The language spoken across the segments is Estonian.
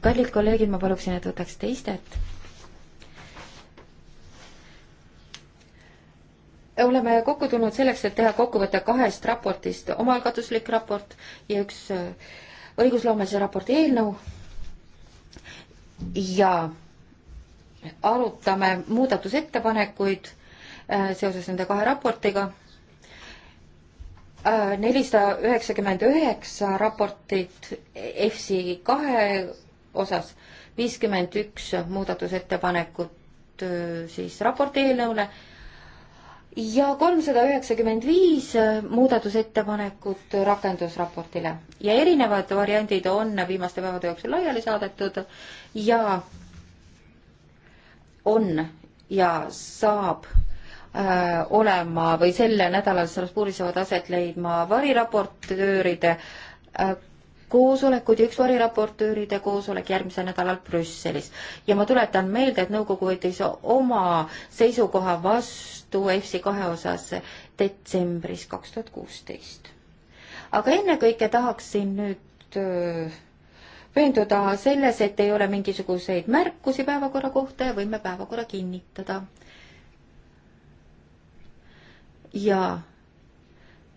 kallid kolleegid, ma paluksin, et võtaksite istet. oleme kokku tulnud selleks, et teha kokkuvõte kahest raportist, omaalgatuslik raport ja üks äh, õigusloomelise raporti eelnõu. ja arutame muudatusettepanekuid äh, seoses nende kahe raportiga Äh, nelisada üheksakümmend üheksa raportit EFSI kahe osas, viiskümmend üks muudatusettepanekut äh, siis raporti eelnõule ja kolmsada üheksakümmend viis muudatusettepanekut rakendusraportile ja erinevad variandid on viimaste päevade jooksul laiali saadetud ja on ja saab Äh, olema või sel nädalal Strasbourgis saavad aset leidma variraportööride äh, koosolekud ja üks variraportööride koosolek järgmisel nädalal Brüsselis. ja ma tuletan meelde, et nõukogu võttis oma seisukoha vastu EFSI kahe osas detsembris kaks tuhat kuusteist. aga ennekõike tahaksin nüüd äh, öö, veenduda selles, et ei ole mingisuguseid märkusi päevakorra kohta ja võime päevakorra kinnitada ja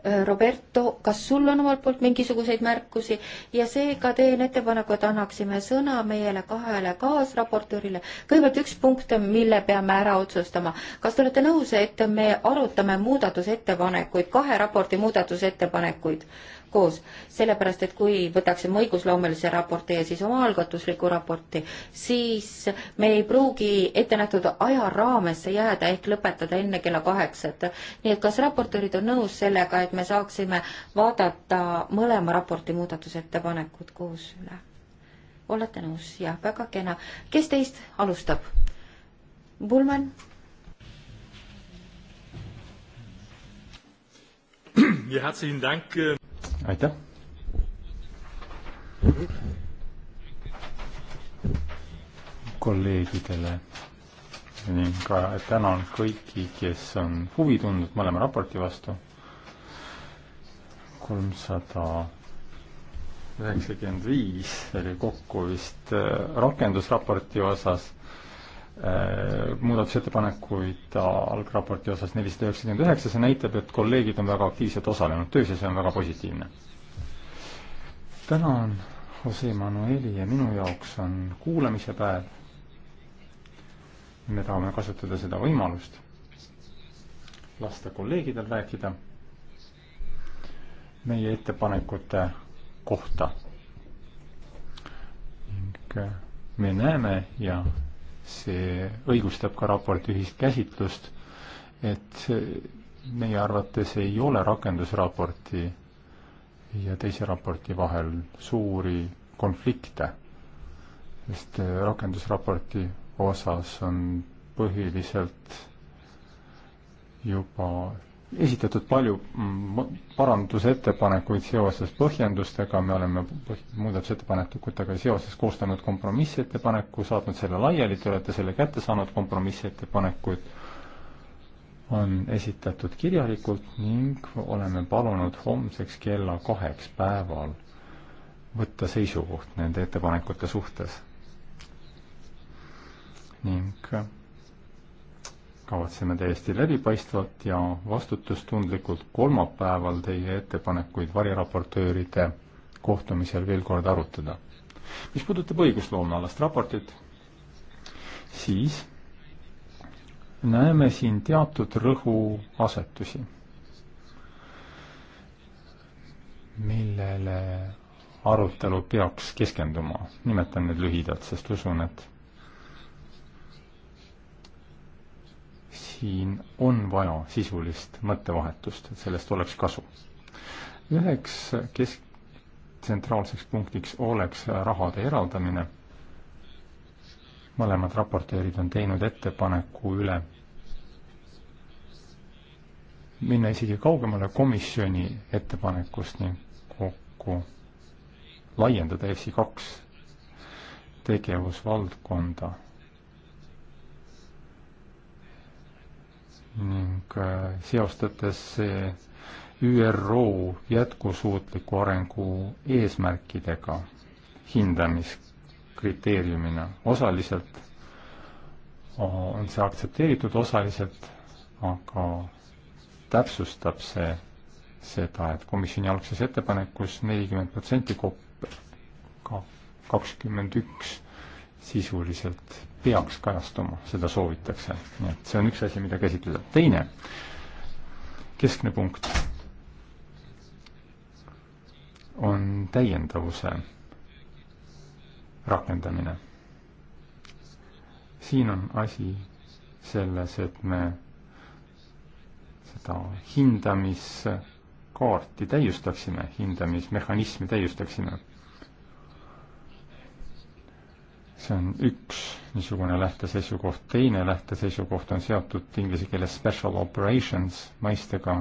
äh, Roberto, kas sul on omalt poolt mingisuguseid märkusi ja seega teen ettepaneku, et annaksime sõna meiele kahele kaasraportöörile. kõigepealt üks punkt, mille peame ära otsustama. kas te olete nõus, et me arutame muudatusettepanekuid, kahe raporti muudatusettepanekuid? koos, sellepärast et kui võtaksime õigusloomelise raporti ja siis omaalgatusliku raporti, siis me ei pruugi ettenähtud aja raamesse jääda ehk lõpetada enne kella kaheksat. nii et kas raportöörid on nõus sellega, et me saaksime vaadata mõlema raporti muudatusettepanekud koos üle? olete nõus? jah, väga kena. kes teist alustab? Bullmann? ja herzlichen Dank. Äh, aitäh. kolleegidele ning ka tänan kõiki, kes on huvi tundnud mõlema raporti vastu. kolmsada üheksakümmend viis oli kokku vist äh, rakendusraporti osas Äh, muudatusettepanekuid algraporti osas nelisada üheksakümmend üheksa, see näitab, et kolleegid on väga aktiivselt osalenud töös ja see on väga positiivne. täna on Jose Manueli ja minu jaoks on kuulamise päev. me tahame kasutada seda võimalust, lasta kolleegidel rääkida meie ettepanekute kohta. ning äh, me näeme ja see õigustab ka raporti ühist käsitlust, et meie arvates ei ole rakendusraporti ja teise raporti vahel suuri konflikte, sest rakendusraporti osas on põhiliselt juba esitatud palju mm, parandusettepanekuid seoses põhjendustega, me oleme muudatusettepanekutega seoses koostanud kompromissettepaneku, saatnud selle laiali, te olete selle kätte saanud, kompromissettepanekud on esitatud kirjalikult ning oleme palunud homseks kella kaheks päeval võtta seisukoht nende ettepanekute suhtes. ning kavatseme täiesti läbipaistvalt ja vastutustundlikult kolmapäeval teie ettepanekuid variraportööride kohtumisel veel kord arutada. mis puudutab õigusloomealast raportit, siis näeme siin teatud rõhuasetusi, millele arutelu peaks keskenduma. nimetan need lühidalt, sest usun, et siin on vaja sisulist mõttevahetust, et sellest oleks kasu. üheks kesk-, tsentraalseks punktiks oleks rahade eraldamine. mõlemad raportöörid on teinud ettepaneku üle minna isegi kaugemale komisjoni ettepanekust ning kokku laiendada EFSI kaks tegevusvaldkonda ning äh, seostades see ÜRO jätkusuutliku arengu eesmärkidega hindamiskriteeriumina. osaliselt on see aktsepteeritud, osaliselt aga täpsustab see seda, et komisjoni algses ettepanekus nelikümmend protsenti kokku, kakskümmend üks sisuliselt peaks kajastuma, seda soovitakse. nii et see on üks asi, mida käsitleda. teine keskne punkt on täiendavuse rakendamine. siin on asi selles, et me seda hindamiskaarti täiustaksime, hindamismehhanismi täiustaksime see on üks niisugune lähteseisukoht, teine lähteseisukoht on seotud inglise keeles special operations mõistega,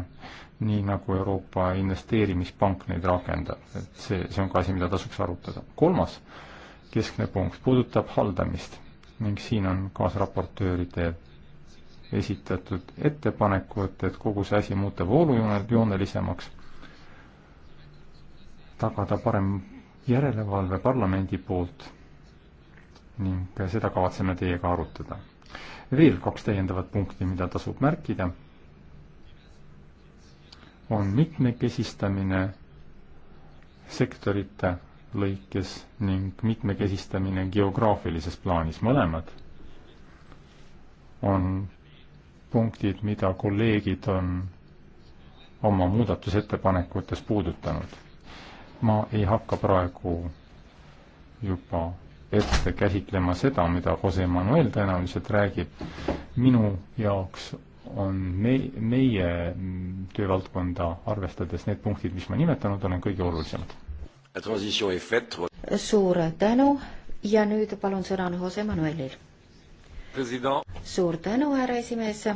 nii nagu Euroopa Investeerimispank neid rakendab, et see, see on ka asi, mida tasuks arutada. kolmas keskne punkt puudutab haldamist ning siin on kaasraportööride esitatud ettepanekud, et kogu see asi muuta voolujoonelisemaks, tagada parem järelevalve parlamendi poolt ning seda kavatseme teiega arutada. veel kaks täiendavat punkti, mida tasub märkida, on mitmekesistamine sektorite lõikes ning mitmekesistamine geograafilises plaanis, mõlemad on punktid, mida kolleegid on oma muudatusettepanekutes puudutanud. ma ei hakka praegu juba ette käsitlema seda, mida Jose Manuel tõenäoliselt räägib. minu jaoks on me-, meie töövaldkonda arvestades need punktid, mis ma nimetanud olen, kõige olulisemad. suur tänu ja nüüd palun sõna on Jose Manuelil. suur tänu, härra esimees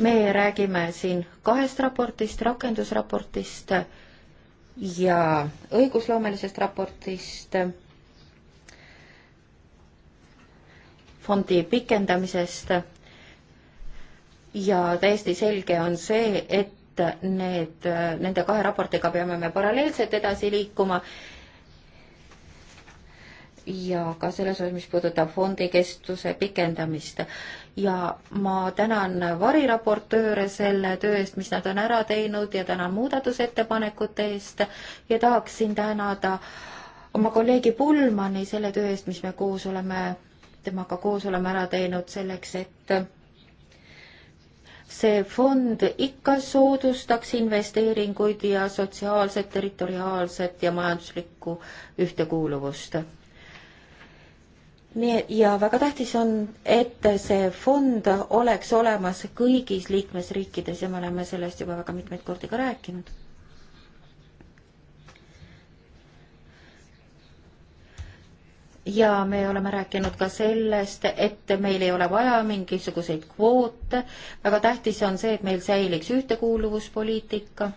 me räägime siin kahest raportist, rakendusraportist ja õigusloomelisest raportist, fondi pikendamisest ja täiesti selge on see, et need, nende kahe raportiga peame me paralleelselt edasi liikuma ja ka selles osas, mis puudutab fondi kestuse pikendamist ja ma tänan variraportööre selle töö eest, mis nad on ära teinud ja tänan muudatusettepanekute eest ja tahaksin tänada oma kolleegi Pullmani selle töö eest, mis me koos oleme, temaga koos oleme ära teinud selleks, et see fond ikka soodustaks investeeringuid ja sotsiaalset, territoriaalset ja majanduslikku ühtekuuluvust nii ja väga tähtis on, et see fond oleks olemas kõigis liikmesriikides ja me oleme sellest juba väga mitmeid kordi ka rääkinud. ja me oleme rääkinud ka sellest, et meil ei ole vaja mingisuguseid kvoote. väga tähtis on see, et meil säiliks ühtekuuluvuspoliitika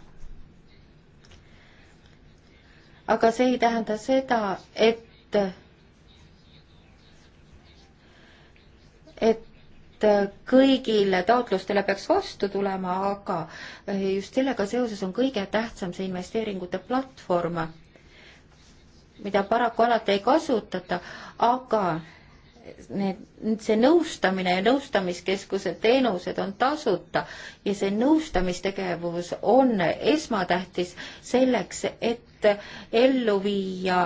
aga see ei tähenda seda, et et kõigile taotlustele peaks vastu tulema, aga just sellega seoses on kõige tähtsam see investeeringute platvorm, mida paraku alati ei kasutata, aga need, see nõustamine ja nõustamiskeskuse teenused on tasuta ja see nõustamistegevus on esmatähtis selleks, et ellu viia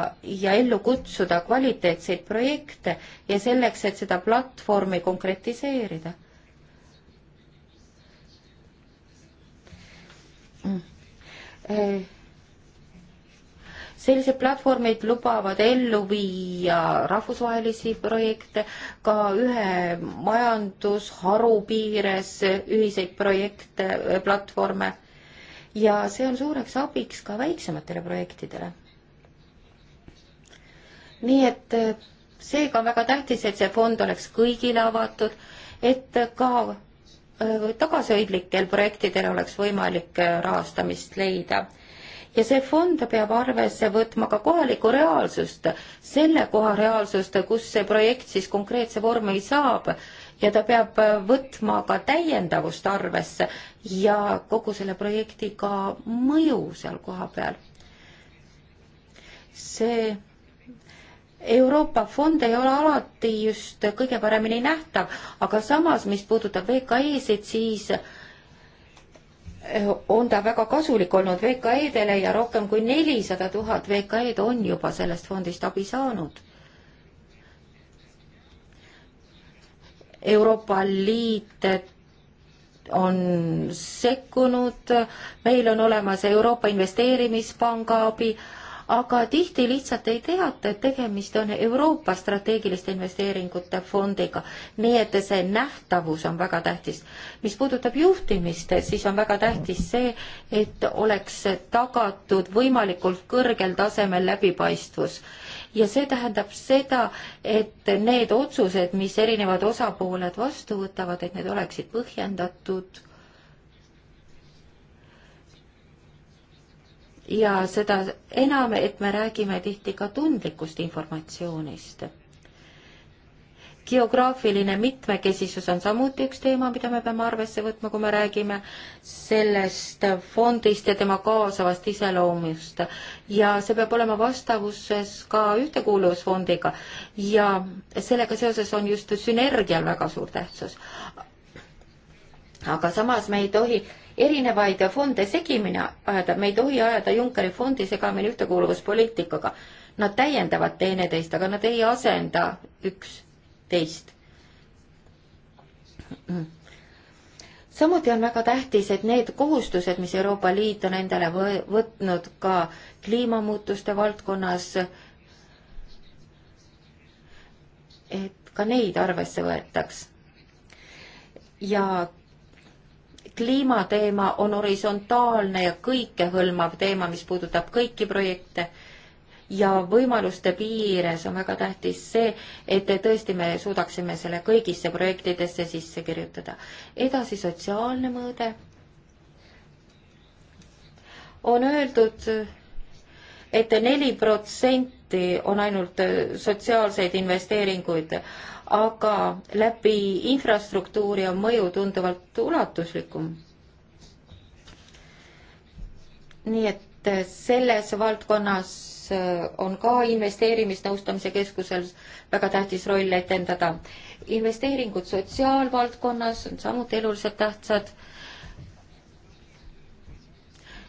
ja ellu kutsuda kvaliteetseid projekte ja selleks, et seda platvormi konkretiseerida mm.. Äh, sellised platvormid lubavad ellu viia rahvusvahelisi projekte, ka ühe majandusharu piires ühiseid projekte, äh, platvorme ja see on suureks abiks ka väiksematele projektidele. nii et äh, seega on väga tähtis, et see fond oleks kõigile avatud, et ka äh, tagasihoidlikel projektidel oleks võimalik rahastamist leida ja see fond peab arvesse võtma ka kohalikku reaalsust, selle koha reaalsust, kus see projekt siis konkreetse vormi saab ja ta peab võtma ka täiendavust arvesse ja kogu selle projekti ka mõju seal kohapeal. see Euroopa fond ei ole alati just kõige paremini nähtav, aga samas, mis puudutab VKE-sid, siis on ta väga kasulik olnud VKE-dele ja rohkem kui nelisada tuhat VKE-d on juba sellest fondist abi saanud. Euroopa Liit on sekkunud, meil on olemas Euroopa Investeerimispanga abi, aga tihti lihtsalt ei teata, et tegemist on Euroopa strateegiliste investeeringute fondiga. nii et see nähtavus on väga tähtis. mis puudutab juhtimist, siis on väga tähtis see, et oleks tagatud võimalikult kõrgel tasemel läbipaistvus ja see tähendab seda, et need otsused, mis erinevad osapooled vastu võtavad, et need oleksid põhjendatud ja seda enam, et me räägime tihti ka tundlikust informatsioonist. geograafiline mitmekesisus on samuti üks teema, mida me peame arvesse võtma, kui me räägime sellest fondist ja tema kaasavast iseloomust. ja see peab olema vastavuses ka Ühtekuuluvusfondiga ja sellega seoses on just sünergial väga suur tähtsus aga samas me ei tohi erinevaid fonde segimine ajada, me ei tohi ajada Junckeri fondi segamini ühtekuuluvuspoliitikaga. Nad täiendavad teineteist, aga nad ei asenda üksteist. samuti on väga tähtis, et need kohustused, mis Euroopa Liit on endale võ-, võtnud ka kliimamuutuste valdkonnas, et ka neid arvesse võetaks. ja kliimateema on horisontaalne ja kõikehõlmav teema, mis puudutab kõiki projekte ja võimaluste piires on väga tähtis see, et tõesti me suudaksime selle kõigisse projektidesse sisse kirjutada. edasi sotsiaalne mõõde. on öeldud et, et neli protsenti on ainult sotsiaalseid investeeringuid aga läbi infrastruktuuri on mõju tunduvalt ulatuslikum. nii et selles valdkonnas äh, on ka investeerimisnõustamise keskusel väga tähtis roll etendada. investeeringud sotsiaalvaldkonnas on samuti eluliselt tähtsad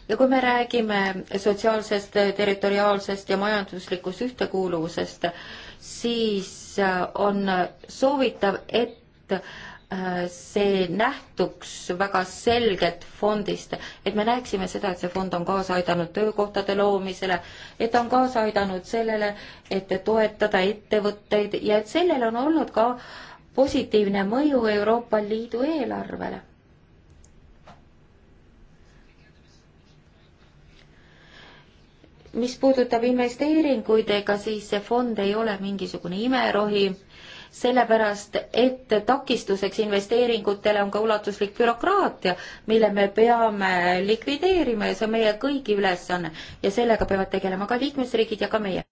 ja kui me räägime sotsiaalsest, territoriaalsest ja majanduslikust ühtekuuluvusest, siis on soovitav, et äh, see nähtuks väga selgelt fondist, et me näeksime seda, et see fond on kaasa aidanud töökohtade loomisele, et ta on kaasa aidanud sellele, et toetada ettevõtteid ja et sellel on olnud ka positiivne mõju Euroopa Liidu eelarvele. mis puudutab investeeringuid, ega siis see fond ei ole mingisugune imerohi, sellepärast et takistuseks investeeringutele on ka ulatuslik bürokraatia, mille me peame likvideerima ja see on meie kõigi ülesanne ja sellega peavad tegelema ka liikmesriigid ja ka meie.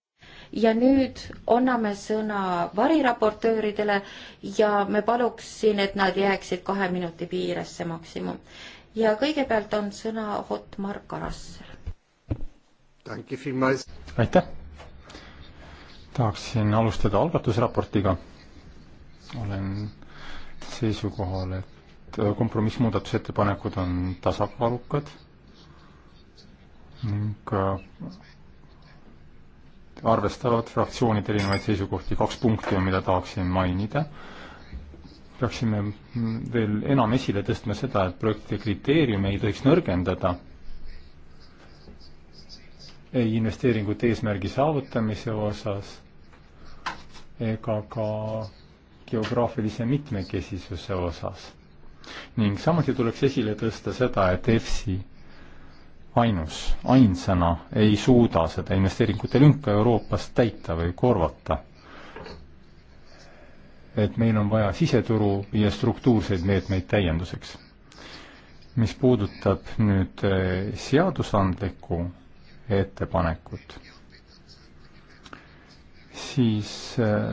ja nüüd anname sõna variraportööridele ja me paluksin, et nad jääksid kahe minuti piiresse maksimum. ja kõigepealt on sõna Otmar Karassel aitäh! tahaksin alustada algatusraportiga. olen seisukohal, et kompromissmuudatusettepanekud on tasakaalukad ning äh, arvestavad fraktsioonide erinevaid seisukohti. kaks punkti on, mida tahaksin mainida. peaksime veel enam esile tõstma seda, et projekti kriteeriume ei tohiks nõrgendada ei investeeringute eesmärgi saavutamise osas ega ka geograafilise mitmekesisuse osas. ning samuti tuleks esile tõsta seda, et EFSI ainus, ainsana ei suuda seda investeeringute lünka Euroopas täita või korvata. et meil on vaja siseturu ja struktuurseid meetmeid täienduseks. mis puudutab nüüd eh, seadusandlikku ettepanekut, siis äh,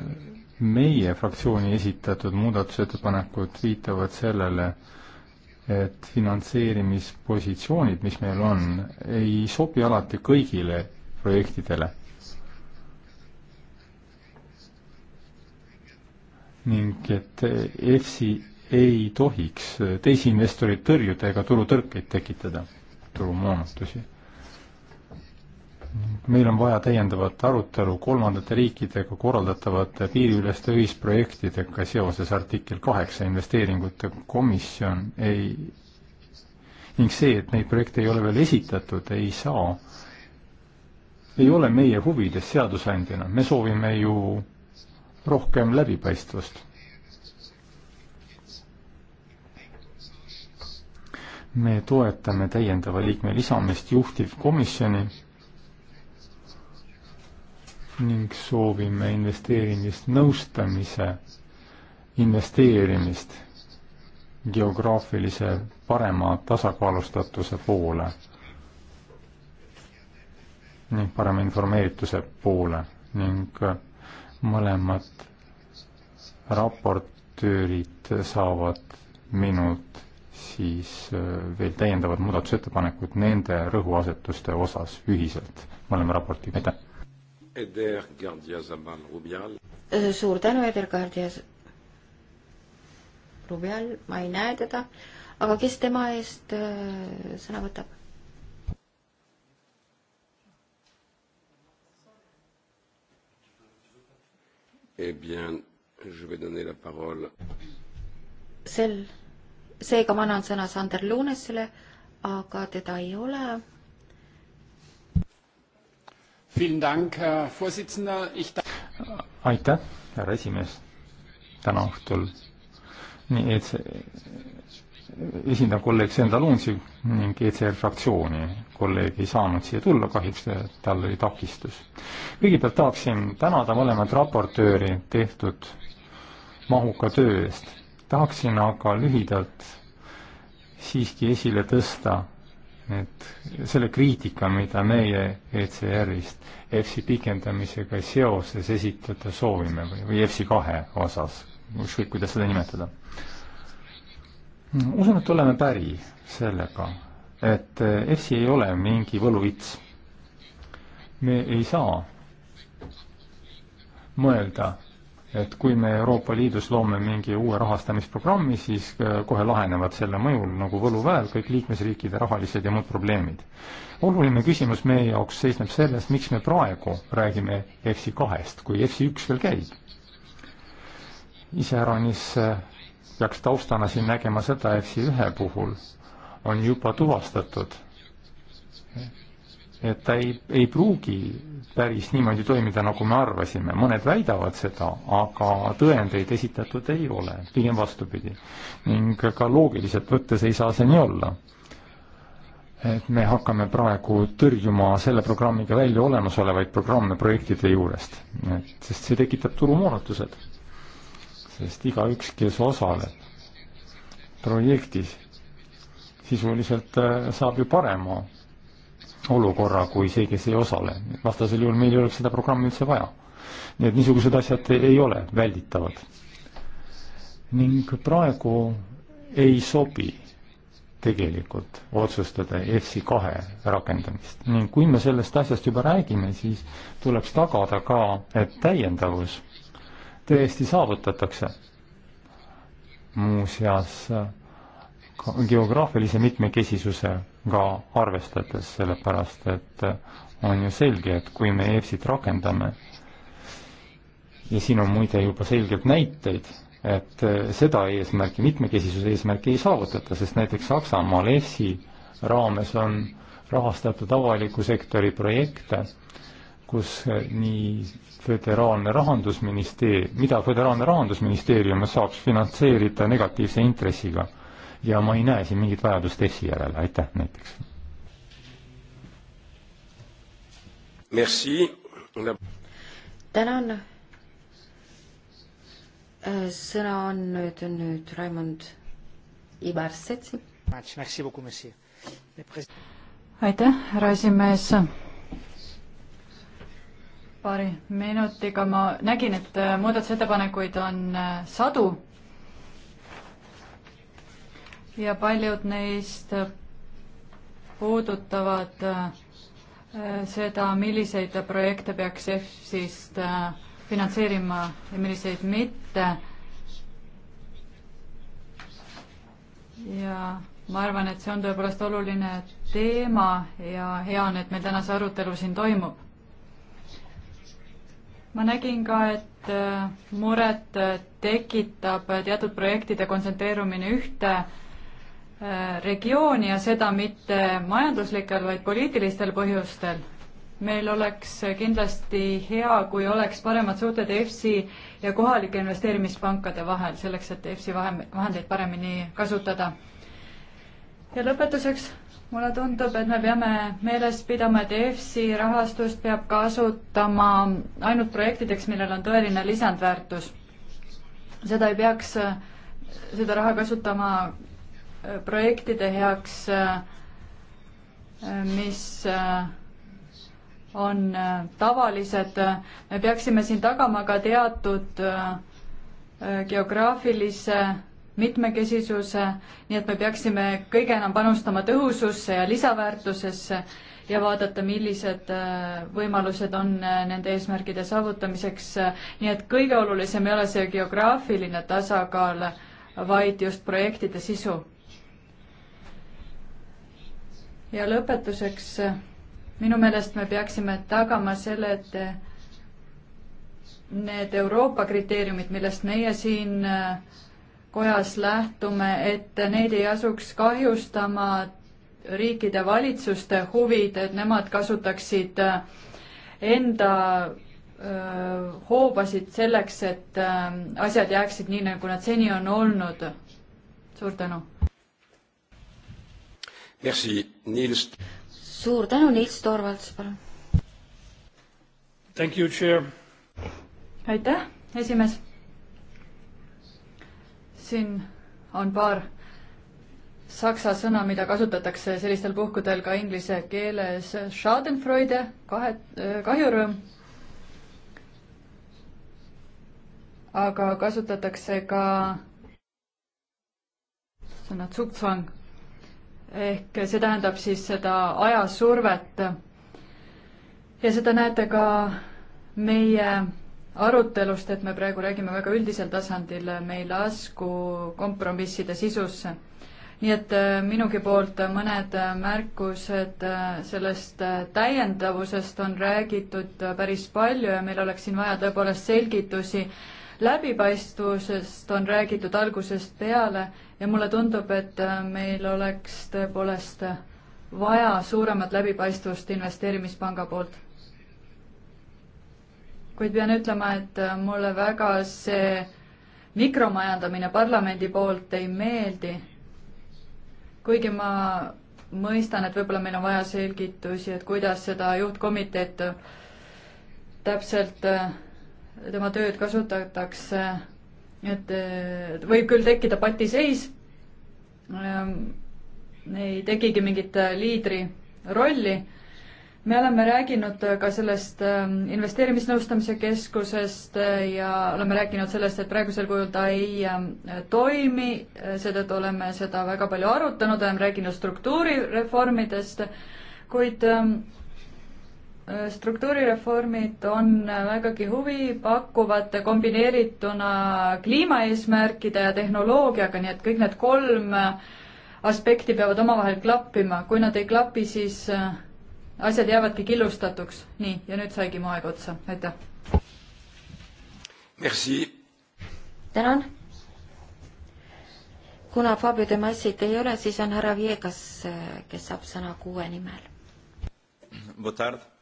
meie fraktsiooni esitatud muudatusettepanekud viitavad sellele, et finantseerimispositsioonid, mis meil on, ei sobi alati kõigile projektidele. ning et EFSI ei tohiks teisi investoreid tõrjuda ega turutõrkeid tekitada, turumoonutusi meil on vaja täiendavat arutelu kolmandate riikidega korraldatavate piiriüleste ühisprojektidega seoses artikkel kaheksa investeeringute komisjon ei ning see, et neid projekte ei ole veel esitatud, ei saa, ei ole meie huvides seadusandjana, me soovime ju rohkem läbipaistvust. me toetame täiendava liikme lisamist juhtivkomisjoni ning soovime investeerimisnõustamise investeerimist geograafilise parema tasakaalustatuse poole ning parema informeerituse poole ning mõlemad raportöörid saavad minult siis äh, veel täiendavad muudatusettepanekud nende rõhuasetuste osas ühiselt mõlema raportiga, aitäh! Eder Gardiazabal Rubial. Äh, suur tänu, Eder Gardias-. Rubial, ma ei näe teda, aga kes tema eest äh, sõna võtab? Eh bien, je vais donner la parole. sel, seega ma annan sõna Sander Luunesele, aga teda ei ole aitäh, härra esimees, täna õhtul. nii, et see esindan kolleeg Sendalunsi ning ECR fraktsiooni. kolleeg ei saanud siia tulla, kahjuks tal oli takistus. kõigepealt tahaksin tänada mõlemat raportööri tehtud mahuka töö eest. tahaksin aga lühidalt siiski esile tõsta need, selle kriitika, mida meie ECR-ist EFSI pikendamisega seoses esitada soovime või, või EFSI kahe osas, ükskõik kuidas seda nimetada. usun, et oleme päri sellega, et EFSI ei ole mingi võluvits. me ei saa mõelda et kui me Euroopa Liidus loome mingi uue rahastamisprogrammi, siis äh, kohe lahenevad selle mõjul nagu võluväel kõik liikmesriikide rahalised ja muud probleemid. oluline küsimus meie jaoks seisneb selles, miks me praegu räägime EFSI kahest, kui EFSI üks veel käib. iseäranis äh, peaks taustana siin nägema seda, EFSI ühe puhul on juba tuvastatud, et ta ei, ei pruugi päris niimoodi toimida, nagu me arvasime. mõned väidavad seda, aga tõendeid esitatud ei ole, pigem vastupidi. ning ka loogiliselt võttes ei saa see nii olla. et me hakkame praegu tõrjuma selle programmiga välja olemasolevaid programme projektide juurest, et sest see tekitab turumoonutused. sest igaüks, kes osaleb projektis, sisuliselt äh, saab ju parema olukorra kui see, kes ei osale. vastasel juhul meil ei oleks seda programmi üldse vaja. nii et niisugused asjad ei ole välditavad. ning praegu ei sobi tegelikult otsustada EFSI kahe rakendamist ning kui me sellest asjast juba räägime, siis tuleks tagada ka, et täiendavus tõesti saavutatakse. muuseas geograafilise mitmekesisuse ka arvestades, sellepärast et äh, on ju selge, et kui me EFSit rakendame, ja siin on muide juba selgelt näiteid, et äh, seda eesmärki, mitmekesisuse eesmärki ei saavutata, sest näiteks Saksamaal EFSi raames on rahastatud avaliku sektori projekte, kus äh, nii föderaalne rahandusministeerium, mida föderaalne rahandusministeerium saaks finantseerida negatiivse intressiga ja ma ei näe siin mingit vajadust EFSi järele, aitäh näiteks. tänan. Äh, sõna on nüüd, nüüd Raimond Ibarsetsi. aitäh, härra esimees paari minutiga ma nägin, et äh, muudatusettepanekuid on äh, sadu ja paljud neist puudutavad äh, seda, milliseid projekte peaks EFSist äh, finantseerima ja milliseid mitte. ja ma arvan, et see on tõepoolest oluline teema ja hea on, et meil täna see arutelu siin toimub. ma nägin ka, et äh, muret tekitab teatud projektide kontsentreerumine ühte Äh, regiooni ja seda mitte majanduslikel, vaid poliitilistel põhjustel. meil oleks kindlasti hea, kui oleks paremad suhted EFSI ja kohalike investeerimispankade vahel, selleks et EFSI vahendeid paremini kasutada. ja lõpetuseks mulle tundub, et me peame meeles pidama, et EFSI rahastust peab kasutama ainult projektideks, millel on tõeline lisandväärtus. seda ei peaks, seda raha kasutama projektide heaks, mis on tavalised, me peaksime siin tagama ka teatud geograafilise mitmekesisuse, nii et me peaksime kõige enam panustama tõhususse ja lisaväärtusesse ja vaadata, millised võimalused on nende eesmärkide saavutamiseks. nii et kõige olulisem ei ole see geograafiline tasakaal, vaid just projektide sisu ja lõpetuseks, äh, minu meelest me peaksime tagama selle, et need Euroopa kriteeriumid, millest meie siin äh, kojas lähtume, et neid ei asuks kahjustama riikide valitsuste huvid, et nemad kasutaksid äh, enda hoobasid selleks, et asjad jääksid nii, nagu nad seni on olnud. suur tänu Merci, Niels. suur tänu, Niels Torvalds, palun. Thank you, chair. aitäh, esimees. siin on paar saksa sõna, mida kasutatakse sellistel puhkudel ka inglise keeles. Schadenfreude, kahe, kahjurõõm. aga kasutatakse ka sõna zugzwang ehk see tähendab siis seda ajasurvet. ja seda näete ka meie arutelust, et me praegu räägime väga üldisel tasandil, me ei lasku kompromisside sisusse. nii et äh, minugi poolt mõned märkused äh, sellest äh, täiendavusest on räägitud päris palju ja meil oleks siin vaja tõepoolest selgitusi läbipaistvusest on räägitud algusest peale ja mulle tundub, et äh, meil oleks tõepoolest vaja suuremat läbipaistvust investeerimispanga poolt. kuid pean ütlema, et äh, mulle väga see mikromajandamine parlamendi poolt ei meeldi. kuigi ma mõistan, et võib-olla meil on vaja selgitusi, et kuidas seda juhtkomiteed täpselt äh, tema tööd kasutatakse, et võib küll tekkida patiseis, ähm, ei tekigi mingit äh, liidri rolli. me oleme rääkinud äh, ka sellest ähm, investeerimisnõustamise keskusest äh, ja oleme rääkinud sellest, et praegusel kujul ta ei ähm, toimi, seetõttu oleme seda väga palju arutanud, oleme rääkinud struktuurireformidest, kuid struktuurireformid on vägagi huvipakkuvad kombineerituna kliimaeesmärkide ja tehnoloogiaga, nii et kõik need kolm aspekti peavad omavahel klappima, kui nad ei klapi, siis äh, asjad jäävadki killustatuks. nii, ja nüüd saigi mu aeg otsa, aitäh. tänan. kuna Fabio de Massit ei ole, siis on härra Viegas, äh, kes saab sõna kuue nimel. Boa tarde.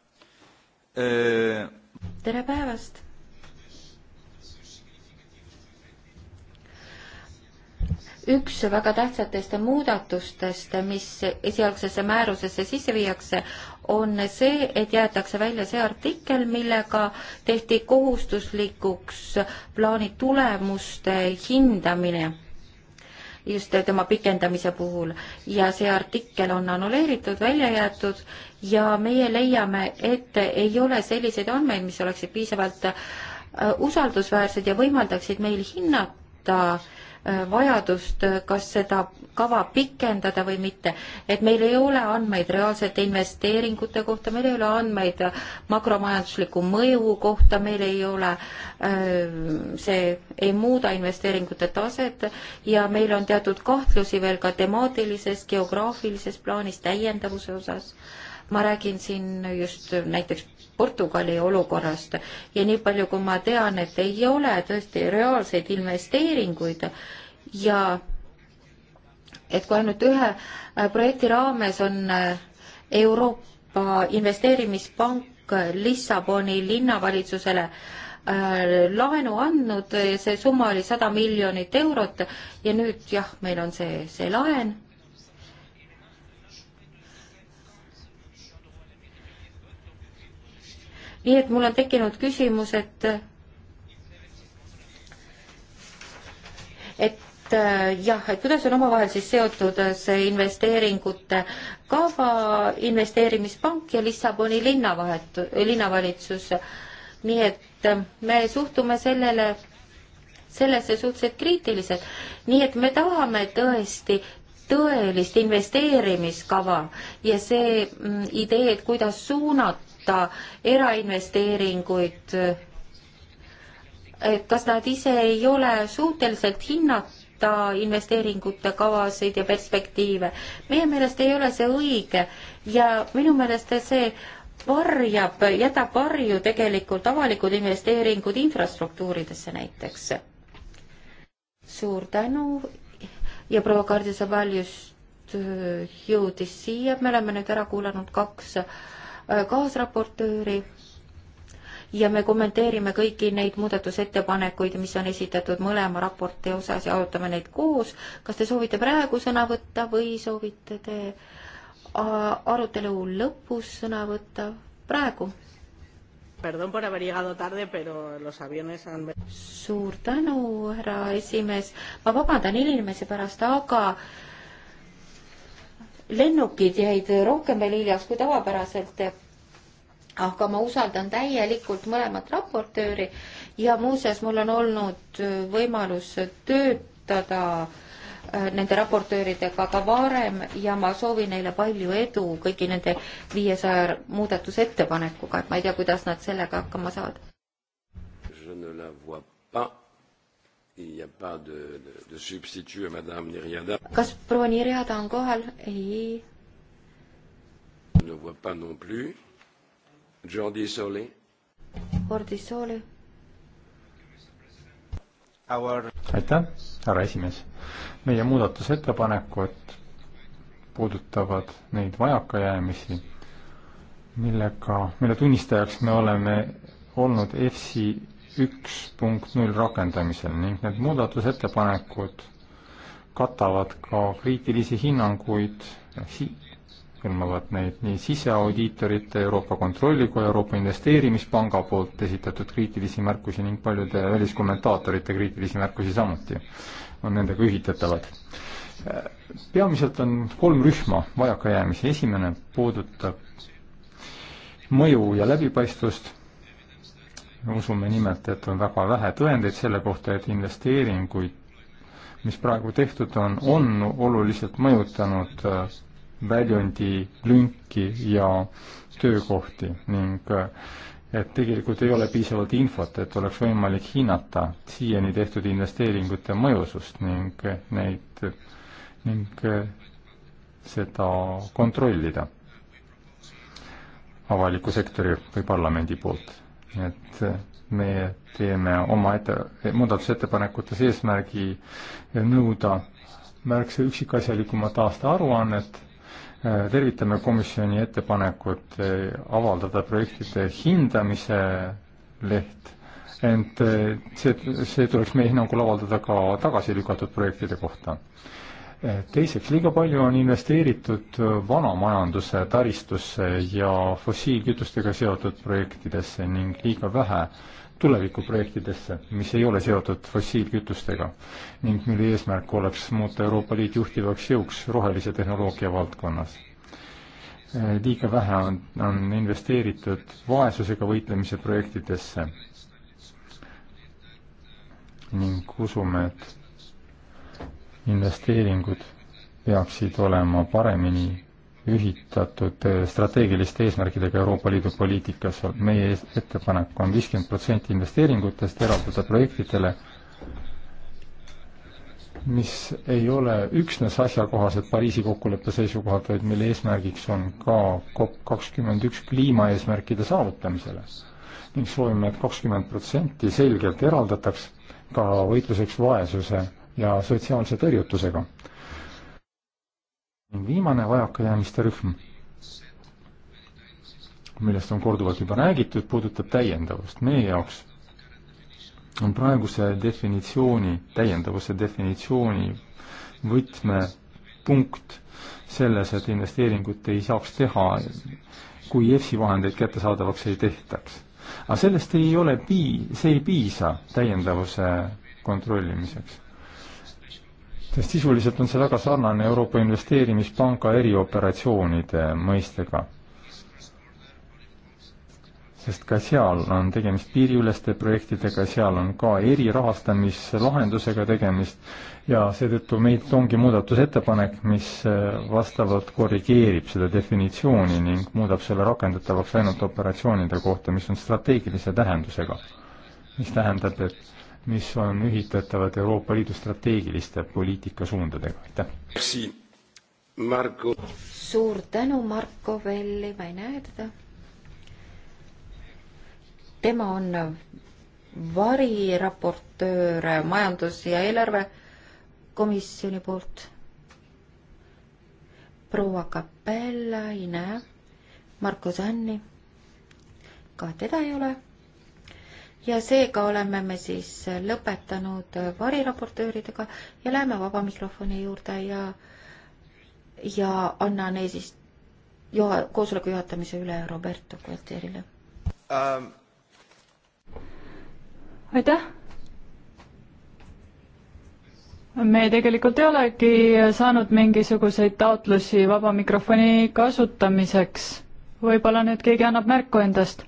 Äh, tere päevast! üks väga tähtsatest muudatustest, mis esialgsesse määrusesse sisse viiakse, on see, et jäetakse välja see artikkel, millega tehti kohustuslikuks plaani tulemuste hindamine just tema pikendamise puhul. ja see artikkel on annuleeritud, välja jäetud ja meie leiame, et ei ole selliseid andmeid, mis oleksid piisavalt äh, usaldusväärsed ja võimaldaksid meil hinnata Äh, vajadust, äh, kas seda kava pikendada või mitte. et meil ei ole andmeid reaalsete investeeringute kohta, meil ei ole andmeid makromajandusliku mõju kohta, meil ei ole, äh, see ei muuda investeeringute taset ja meil on teatud kahtlusi veel ka temaatilises, geograafilises plaanis täiendavuse osas ma räägin siin just näiteks Portugali olukorrast ja nii palju, kui ma tean, et ei ole tõesti reaalseid investeeringuid ja et kui ainult ühe äh, projekti raames on äh, Euroopa Investeerimispank Lissaboni linnavalitsusele äh, laenu andnud, see summa oli sada miljonit eurot ja nüüd jah, meil on see, see laen nii et mul on tekkinud küsimus, et et äh, jah, et kuidas on omavahel siis seotud äh, see investeeringute kava, investeerimispank ja Lissaboni linnavahet-, äh, linnavalitsus. nii et me suhtume sellele, sellesse suhteliselt kriitiliselt. nii et me tahame tõesti tõelist investeerimiskava ja see mm, idee, et kuidas suunata katta erainvesteeringuid, et kas nad ise ei ole suutelised hinnata investeeringute kavasid ja perspektiive. meie meelest ei ole see õige ja minu meelest see varjab, jätab varju tegelikult avalikud investeeringud infrastruktuuridesse näiteks. suur tänu ja proua Kardisa Väljust äh, jõudis siia, me oleme nüüd ära kuulanud kaks Äh, kaasraportööri ja me kommenteerime kõiki neid muudatusettepanekuid, mis on esitatud mõlema raporti osas ja arutame neid koos. kas te soovite praegu sõna võtta või soovite te äh, arutelu lõpus sõna võtta praegu? Perdón por haber llegado tarde, pero los aviones han... suur tänu, härra esimees. ma vabandan inimese pärast, aga äh, lennukid jäid rohkem veel hiljaks kui tavapäraselt, aga ma usaldan täielikult mõlemat raportööri ja muuseas, mul on olnud võimalus töötada äh, nende raportööridega ka varem ja ma soovin neile palju edu kõigi nende viiesaja muudatusettepanekuga, et ma ei tea, kuidas nad sellega hakkama saavad kas proua Nirjada on kohal? ei. Jordi Soli. Jordi Soli. aitäh, härra esimees. meie muudatusettepanekud puudutavad neid vajakajäämisi, millega, mille tunnistajaks me oleme olnud EFSI üks punkt null rakendamisel ning need muudatusettepanekud katavad ka kriitilisi hinnanguid si, hõlmavad neid nii siseaudiitorite, Euroopa Kontrollikoja, Euroopa Investeerimispanga poolt esitatud kriitilisi märkusi ning paljude väliskommentaatorite kriitilisi märkusi samuti on nendega ühitatavad. peamiselt on kolm rühma vajakajäämisi, esimene puudutab mõju ja läbipaistvust usume nimelt, et on väga vähe tõendeid selle kohta, et investeeringuid, mis praegu tehtud on, on oluliselt mõjutanud äh, väljundi lünki ja töökohti ning äh, et tegelikult ei ole piisavalt infot, et oleks võimalik hinnata siiani tehtud investeeringute mõjusust ning äh, neid, ning seda kontrollida avaliku sektori või parlamendi poolt et meie teeme oma ette, muudatusettepanekutes eesmärgi nõuda märksa üksikasjalikumat aastaaruannet, tervitame komisjoni ettepanekut avaldada projektide hindamise leht, ent see, see tuleks meie hinnangul avaldada ka tagasi lükatud projektide kohta teiseks, liiga palju on investeeritud vanamajanduse taristusse ja fossiilkütustega seotud projektidesse ning liiga vähe tulevikuprojektidesse, mis ei ole seotud fossiilkütustega ning mille eesmärk oleks muuta Euroopa Liit juhtivaks jõuks rohelise tehnoloogia valdkonnas. liiga vähe on, on investeeritud vaesusega võitlemise projektidesse ning usume, et investeeringud peaksid olema paremini ühitatud eh, strateegiliste eesmärkidega Euroopa Liidu poliitikas. meie ettepanek on viiskümmend protsenti investeeringutest eraldada projektidele, mis ei ole üksnes asjakohased Pariisi kokkuleppe seisukohalt, vaid mille eesmärgiks on ka COP kakskümmend üks kliimaeesmärkide saavutamisele. ning soovime et, et kakskümmend protsenti selgelt eraldataks ka võitluseks vaesuse ja sotsiaalse tõrjutusega. ning viimane vajakajäämiste rühm, millest on korduvalt juba räägitud, puudutab täiendavust. meie jaoks on praeguse definitsiooni, täiendavuse definitsiooni võtmepunkt selles, et investeeringut ei saaks teha, kui EFSI vahendeid kättesaadavaks ei tehtaks. aga sellest ei ole pii-, see ei piisa täiendavuse kontrollimiseks sest sisuliselt on see väga sarnane Euroopa Investeerimispanga erioperatsioonide mõistega. sest ka seal on tegemist piiriüleste projektidega, seal on ka erirahastamislahendusega tegemist ja seetõttu meilt ongi muudatusettepanek, mis vastavalt korrigeerib seda definitsiooni ning muudab selle rakendatavaks ainult operatsioonide kohta, mis on strateegilise tähendusega. mis tähendab, et mis on ühitatavad Euroopa Liidu strateegiliste poliitikasuundadega, aitäh! Marko. suur tänu, Marko Velli, ma ei näe teda. tema on variraportöör majandus- ja eelarvekomisjoni poolt. proua Capella ei näe, Marko Sanni, ka teda ei ole ja seega oleme me siis lõpetanud variraportööridega ja läheme vaba mikrofoni juurde ja, ja annan eesist-, juha-, koosoleku juhatamise üle Roberto Gualtierile um.. aitäh! me tegelikult ei olegi saanud mingisuguseid taotlusi vaba mikrofoni kasutamiseks. võib-olla nüüd keegi annab märku endast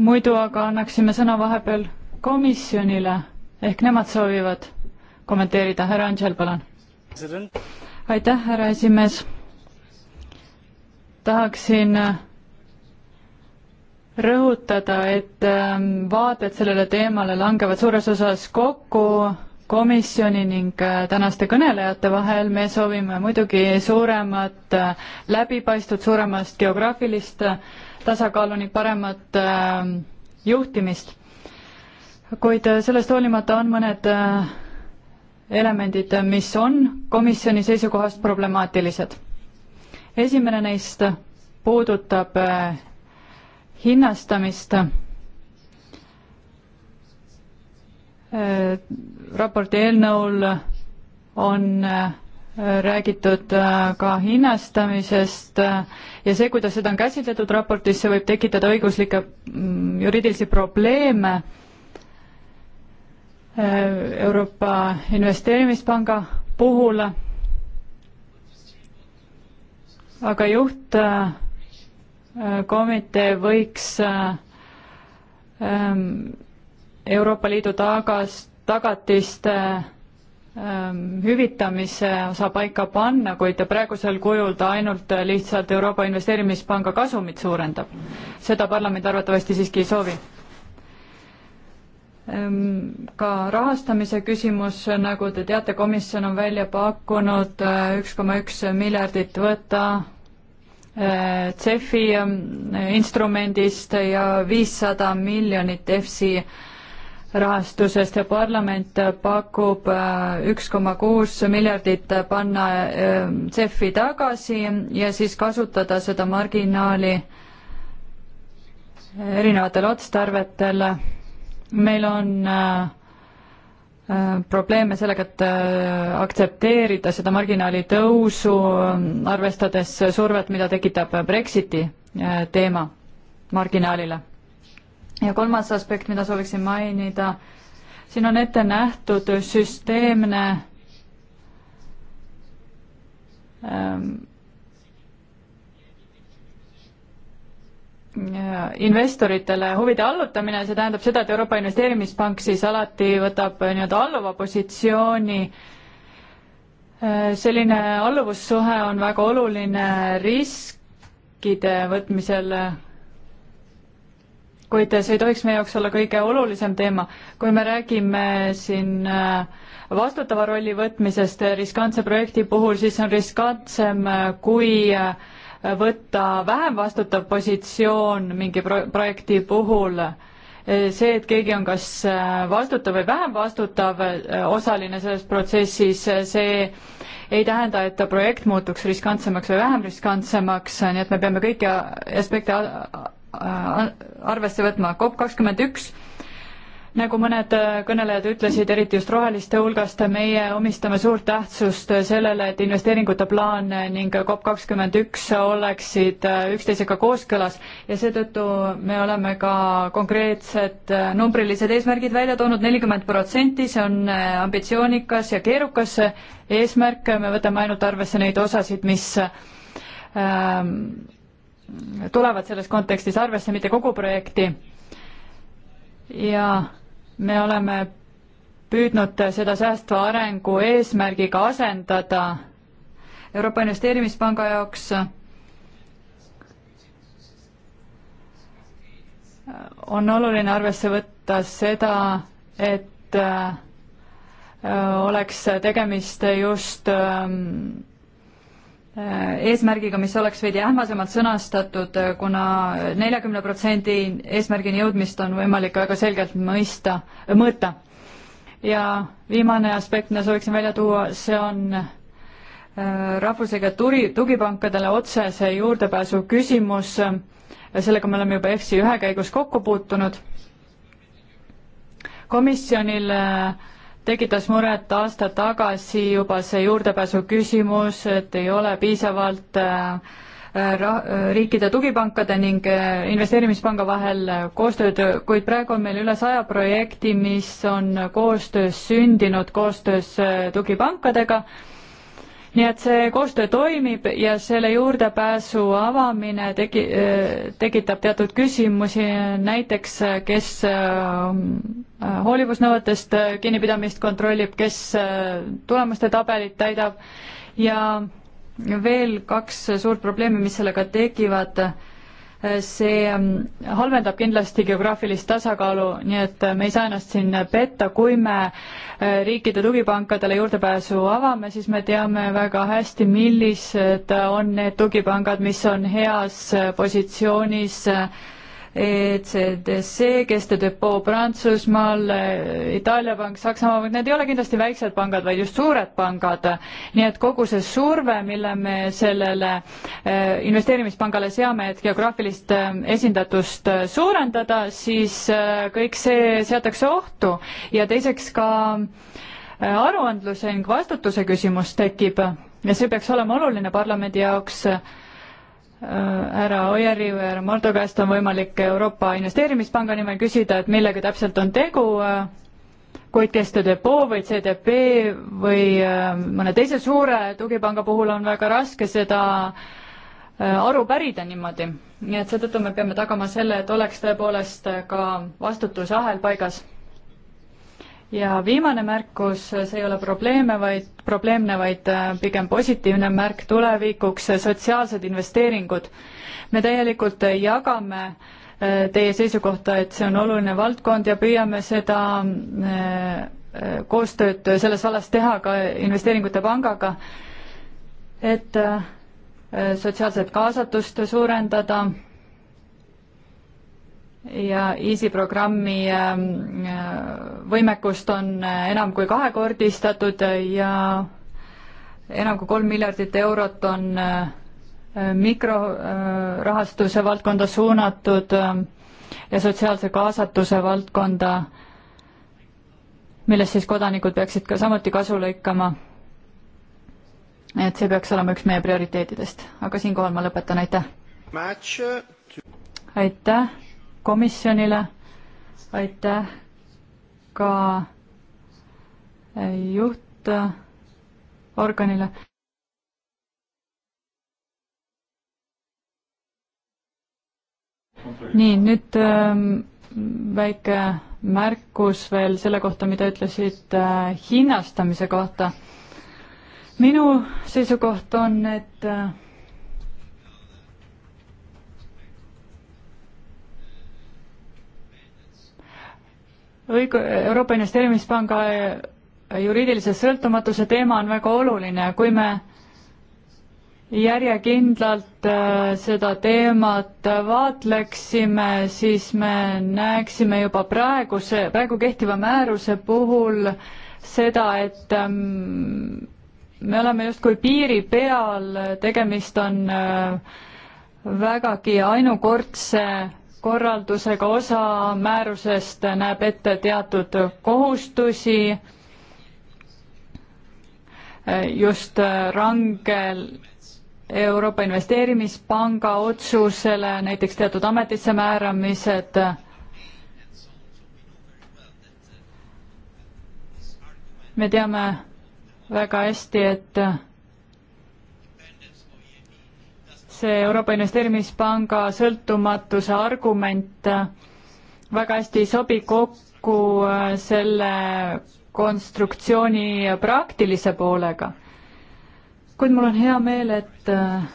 muidu aga annaksime sõna vahepeal komisjonile, ehk nemad soovivad kommenteerida, härra Angel, palun. aitäh, härra esimees. tahaksin äh, rõhutada, et ähm, vaated sellele teemale langevad suures osas kokku komisjoni ning äh, tänaste kõnelejate vahel. me soovime muidugi suuremat äh, läbipaistvat, suuremast geograafilist tasakaalu ning paremat äh, juhtimist. kuid äh, sellest hoolimata on mõned äh, elemendid, mis on komisjoni seisukohast problemaatilised. esimene neist puudutab hinnastamist. raporti eelnõul on räägitud äh, ka hinnastamisest äh, ja see, kuidas seda on käsitletud raportis, see võib tekitada õiguslikke mm, juriidilisi probleeme äh, Euroopa Investeerimispanga puhul. aga juhtkomitee võiks ähm, Euroopa Liidu tagas, tagatiste äh, Ehm, hüvitamise osa paika panna, kuid praegusel kujul ta ainult lihtsalt Euroopa Investeerimispanga kasumit suurendab. seda parlament arvatavasti siiski ei soovi. Ehm, ka rahastamise küsimus, nagu te teate, komisjon on välja pakkunud eh, üks koma üks miljardit võtta eh, CEF-i ehm, instrumendist ja viissada miljonit EFSI rahastusest ja parlament pakub äh, üks koma kuus miljardit panna äh, CEF-i tagasi ja siis kasutada seda marginaali erinevatel otstarvetel. meil on äh, probleeme sellega, et aktsepteerida seda marginaali tõusu, arvestades survet, mida tekitab Brexiti teema marginaalile ja kolmas aspekt, mida sooviksin mainida, siin on ette nähtud süsteemne ähm, äh, investoritele huvide allutamine, see tähendab seda, et Euroopa Investeerimispank siis alati võtab äh, nii-öelda alluva positsiooni. Äh, selline alluvussuhe on väga oluline riskide võtmisel kuid see ei tohiks meie jaoks olla kõige olulisem teema. kui me räägime siin äh, vastutava rolli võtmisest riskantse projekti puhul, siis on riskantsem, äh, kui äh, võtta vähem vastutav positsioon mingi pro projekti puhul. see, et keegi on kas vastutav või vähem vastutav osaline selles protsessis, see ei tähenda, et projekt muutuks riskantsemaks või vähem riskantsemaks, nii et me peame kõiki aspekte Äh, arvesse võtma. COP kakskümmend üks, nagu mõned äh, kõnelejad ütlesid, eriti just roheliste hulgast, meie omistame suurt tähtsust sellele, et investeeringute plaan ning COP kakskümmend üks oleksid äh, üksteisega kooskõlas ja seetõttu me oleme ka konkreetsed numbrilised eesmärgid välja toonud, nelikümmend protsenti, see on ambitsioonikas ja keerukas eesmärk, me võtame ainult arvesse neid osasid, mis ähm, tulevad selles kontekstis arvesse, mitte kogu projekti. ja me oleme püüdnud seda säästva arengu eesmärgiga asendada Euroopa Investeerimispanga jaoks on oluline arvesse võtta seda, et äh, oleks tegemist just ähm, Äh, eesmärgiga, mis oleks veidi ähmasemalt sõnastatud kuna, äh, kuna neljakümne protsendi eesmärgini jõudmist on võimalik väga selgelt mõista, mõõta. ja viimane aspekt, mida sooviksin välja tuua, see on äh, rahvusega turi, tugipankadele otsese juurdepääsu küsimus, sellega me oleme juba EFSI ühe käigus kokku puutunud, komisjonil äh, tekitas muret aasta tagasi juba see juurdepääsu küsimus, et ei ole piisavalt äh, ra-, riikide tugipankade ning äh, investeerimispanga vahel koostööd, kuid praegu on meil üle saja projekti, mis on koostöös sündinud, koostöös äh, tugipankadega nii et see koostöö toimib ja selle juurdepääsu avamine tegi, äh, tekitab teatud küsimusi, näiteks äh, kes äh, hoolivusnõuetest kinnipidamist kontrollib, kes tulemuste tabelit täidab ja veel kaks suurt probleemi, mis sellega tekivad see ähm, halvendab kindlasti geograafilist tasakaalu, nii et äh, me ei saa ennast siin petta, kui me äh, riikide tugipankadele juurdepääsu avame, siis me teame väga hästi, millised on need tugipangad, mis on heas äh, positsioonis äh, ECDC, Keste Depot Prantsusmaal, Itaalia pank, Saksamaa pank, need ei ole kindlasti väiksed pangad, vaid just suured pangad. nii et kogu see surve, mille me sellele e, investeerimispangale seame, et geograafilist e, esindatust e, suurendada, siis kõik see seatakse ohtu ja teiseks ka aruandluse ning vastutuse küsimus tekib ja see peaks olema oluline parlamendi jaoks Äh, härra Oieri või härra Mardu käest on võimalik Euroopa Investeerimispanga nimel küsida, et millega täpselt on tegu, äh, kuid kes Tedepoo või CDP või äh, mõne teise suure tugipanga puhul on väga raske seda aru pärida niimoodi. nii et seetõttu me peame tagama selle, et oleks tõepoolest ka vastutusahel paigas ja viimane märkus, see ei ole probleeme, vaid probleemne, vaid äh, pigem positiivne märk tulevikuks, äh, sotsiaalsed investeeringud. me täielikult äh, jagame teie seisukohta, et see on oluline valdkond ja püüame seda koostööd selles vallas teha ka investeeringute pangaga, et sotsiaalset kaasatust suurendada ja EASY programmi ähm, äh, võimekust on äh, enam kui kahekordistatud ja enam kui kolm miljardit eurot on äh, mikrorahastuse valdkonda suunatud ja sotsiaalse kaasatuse valdkonda, millest siis kodanikud peaksid ka samuti kasu lõikama. et see peaks olema üks meie prioriteetidest, aga siinkohal ma lõpetan, aitäh! aitäh! komisjonile, aitäh ka eh, juhtorganile. Eh, nii, nüüd ehm, väike märkus veel selle kohta, mida ütlesid eh, hinnastamise kohta. minu seisukoht on, et õig-, Euroopa Investeerimispanga juriidilise sõltumatuse teema on väga oluline, kui me järjekindlalt äh, seda teemat vaatleksime, siis me näeksime juba praeguse, praegu kehtiva määruse puhul seda, et ähm, me oleme justkui piiri peal, tegemist on äh, vägagi ainukordse korraldusega osa määrusest näeb ette teatud kohustusi just rangel Euroopa Investeerimispanga otsusele, näiteks teatud ametisse määramised me teame väga hästi, et see Euroopa Investeerimispanga sõltumatuse argument väga hästi ei sobi kokku äh, selle konstruktsiooni praktilise poolega. kuid mul on hea meel, et äh,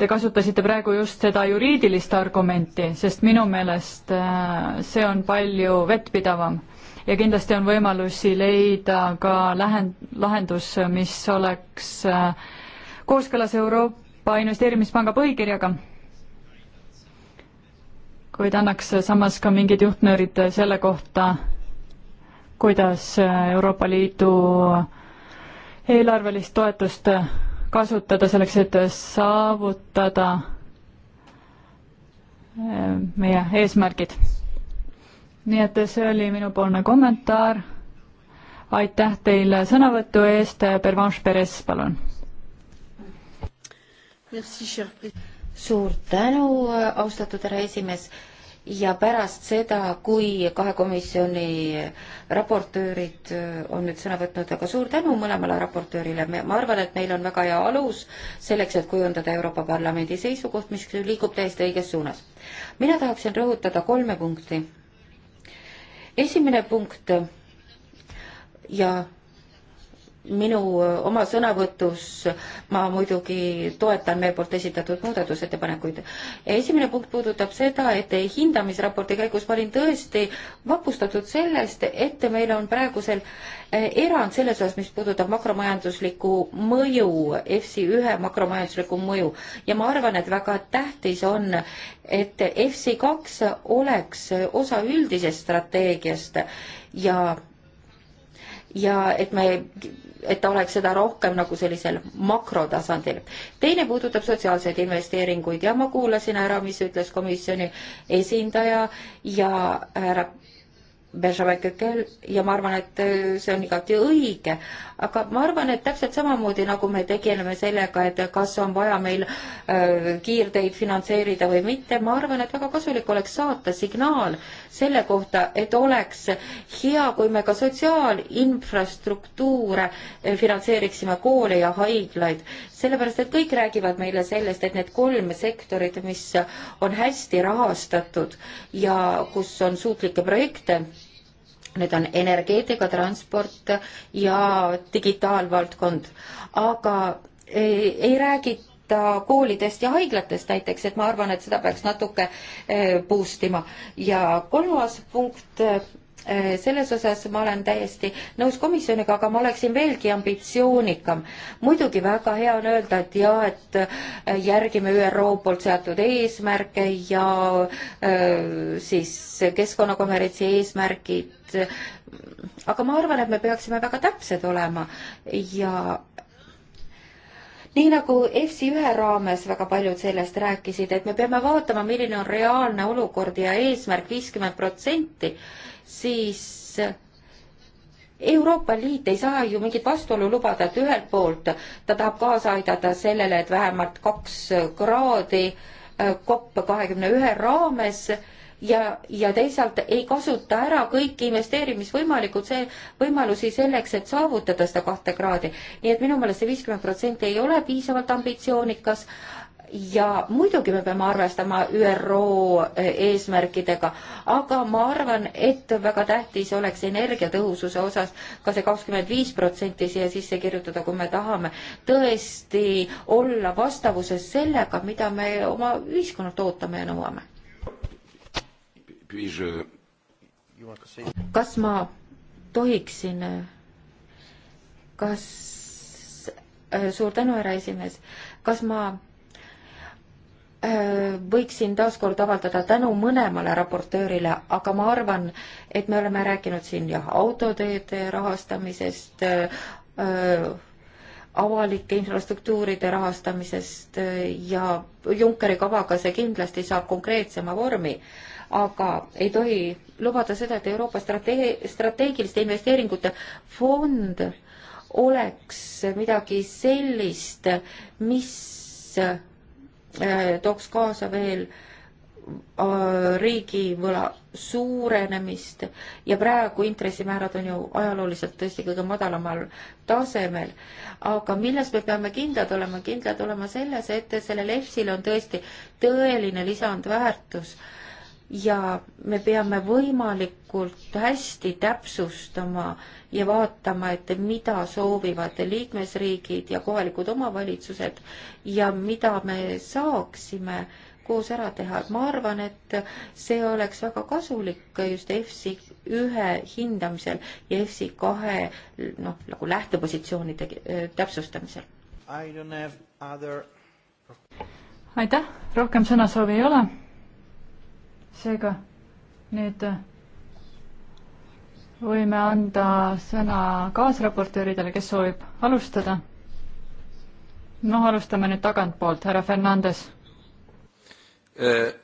te kasutasite praegu just seda juriidilist argumenti, sest minu meelest äh, see on palju vettpidavam ja kindlasti on võimalusi leida ka lähen-, lahendus, mis oleks kooskõlas Euroopa Euroopa Investeerimispanga põhikirjaga, kuid annaks samas ka mingid juhtnöörid selle kohta, kuidas Euroopa Liidu eelarvelist toetust kasutada selleks, et saavutada äh, meie eesmärgid. nii et see oli minupoolne kommentaar. aitäh teile sõnavõtu eest, Pervanš Peres, palun suur tänu, äh, austatud härra esimees ja pärast seda, kui kahe komisjoni raportöörid äh, on nüüd sõna võtnud, aga suur tänu mõlemale raportöörile, ma arvan, et meil on väga hea alus selleks, et kujundada Euroopa Parlamendi seisukoht, mis liigub täiesti õiges suunas. mina tahaksin rõhutada kolme punkti. esimene punkt ja minu oma sõnavõtus ma muidugi toetan meie poolt esitatud muudatusettepanekuid. esimene punkt puudutab seda, et hindamisraporti käigus ma olin tõesti vapustatud sellest, et meil on praegusel erand selles osas, mis puudutab makromajanduslikku mõju, EFSI ühe makromajanduslikku mõju. ja ma arvan, et väga tähtis on, et EFSI kaks oleks osa üldisest strateegiast ja ja et me et ta oleks seda rohkem nagu sellisel makrotasandil. teine puudutab sotsiaalseid investeeringuid ja ma kuulasin ära, mis ütles komisjoni esindaja ja härra äh, Benjamin Kekel ja ma arvan, et äh, see on igati õige, aga ma arvan, et täpselt samamoodi, nagu me tegeleme sellega, et kas on vaja meil äh, kiirteid finantseerida või mitte, ma arvan, et väga kasulik oleks saata signaal selle kohta, et oleks hea, kui me ka sotsiaalinfrastruktuure äh, finantseeriksime, koole ja haiglaid, sellepärast et kõik räägivad meile sellest, et need kolm sektorit, mis on hästi rahastatud ja kus on suutlikke projekte, Need on energeetika, transport ja digitaalvaldkond. aga ei, ei räägita rääkida koolidest ja haiglatest näiteks, et ma arvan, et seda peaks natuke e, boost ima. ja kolmas punkt Äh, selles osas ma olen täiesti nõus komisjoniga, aga ma oleksin veelgi ambitsioonikam. muidugi väga hea on öelda, et jaa, et äh, järgime ÜRO poolt seatud eesmärke ja äh, siis keskkonnakonverentsi eesmärgid, aga ma arvan, et me peaksime väga täpsed olema ja nii nagu EFSI ühe raames väga paljud sellest rääkisid, et me peame vaatama, milline on reaalne olukord ja eesmärk viiskümmend protsenti siis Euroopa Liit ei saa ju mingit vastuolu lubada, et ühelt poolt ta tahab kaasa aidata sellele, et vähemalt kaks kraadi äh, COP kahekümne ühe raames ja, ja teisalt ei kasuta ära kõiki investeerimisvõimalikud, see, võimalusi selleks, et saavutada seda kahte kraadi. nii et minu meelest see viiskümmend protsenti ei ole piisavalt ambitsioonikas, ja muidugi me peame arvestama ÜRO eh, eesmärkidega, aga ma arvan, et väga tähtis oleks energiatõhususe osas ka see kakskümmend viis protsenti siia sisse kirjutada, kui me tahame tõesti olla vastavuses sellega, mida me oma ühiskonnalt ootame ja nõuame. kas ma tohiksin, kas eh, suur tänu, härra esimees, kas ma Äh, võiksin taaskord avaldada tänu mõlemale raportöörile, aga ma arvan, et me oleme rääkinud siin jah, autoteede rahastamisest, äh, avalike infrastruktuuride rahastamisest äh, ja Junckeri kavaga see kindlasti saab konkreetsema vormi, aga ei tohi lubada seda, et Euroopa strate-, strateegiliste investeeringute fond oleks midagi sellist, mis Äh, tooks kaasa veel äh, riigivõla suurenemist ja praegu intressimäärad on ju ajalooliselt tõesti kõige madalamal tasemel. aga milles me peame kindlad olema? kindlad olema selles, et sellel EFSil on tõesti tõeline lisandväärtus äh, ja me peame võimalikult hästi täpsustama ja vaatama, et mida soovivad liikmesriigid ja kohalikud omavalitsused ja mida me saaksime koos ära teha, et ma arvan, et see oleks väga kasulik just EFSI ühe hindamisel ja EFSI kahe noh, nagu lähtepositsioonide äh, täpsustamisel. Other... aitäh, rohkem sõnasoovi ei ole seega nüüd võime anda sõna kaasraportööridele, kes soovib alustada. noh, alustame nüüd tagantpoolt, härra Fernandes eh,.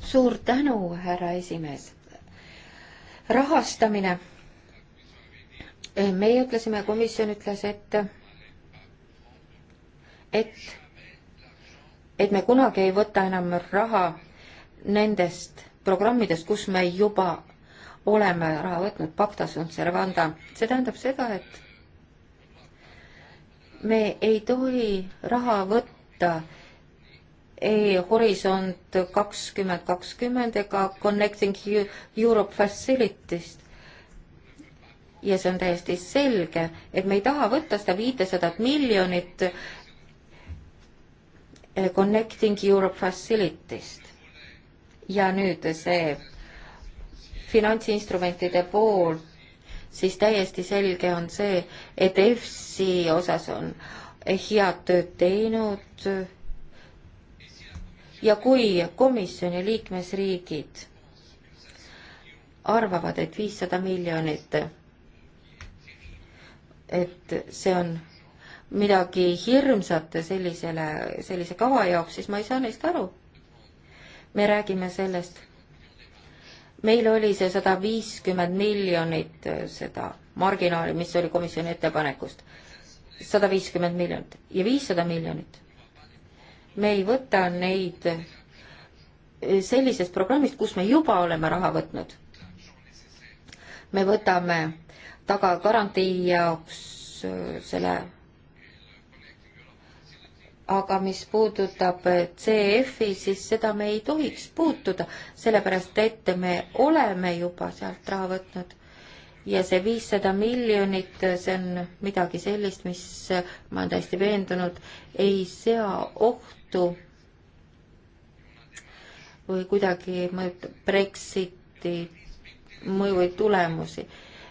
suur tänu, härra esimees. rahastamine. meie ütlesime, komisjon ütles, et, et, et me kunagi ei võta enam raha nendest programmidest, kus me juba oleme raha võtnud, Pacta sunt servanda. see tähendab seda, et me ei tohi raha võtta ei Horisont kakskümmend kakskümmend ega Connecting Europe Facility'st. ja see on täiesti selge, et me ei taha võtta seda viitesadat miljonit Connecting Europe Facility'st ja nüüd see finantsinstrumentide pool, siis täiesti selge on see, et EFSi osas on head tööd teinud ja kui komisjoni liikmesriigid arvavad, et viissada miljonit, et see on midagi hirmsat sellisele, sellise kava jaoks, siis ma ei saa neist aru me räägime sellest, meil oli see sada viiskümmend miljonit äh, seda marginaali, mis oli komisjoni ettepanekust, sada viiskümmend miljonit ja viissada miljonit. me ei võta neid äh, sellisest programmist, kus me juba oleme raha võtnud. me võtame taga garantii jaoks äh, selle aga mis puudutab CF-i, siis seda me ei tohiks puutuda, sellepärast et me oleme juba sealt raha võtnud. ja see viissada miljonit, see on midagi sellist, mis, ma olen täiesti veendunud, ei sea ohtu või kuidagi mõjutab Brexiti mõju või tulemusi.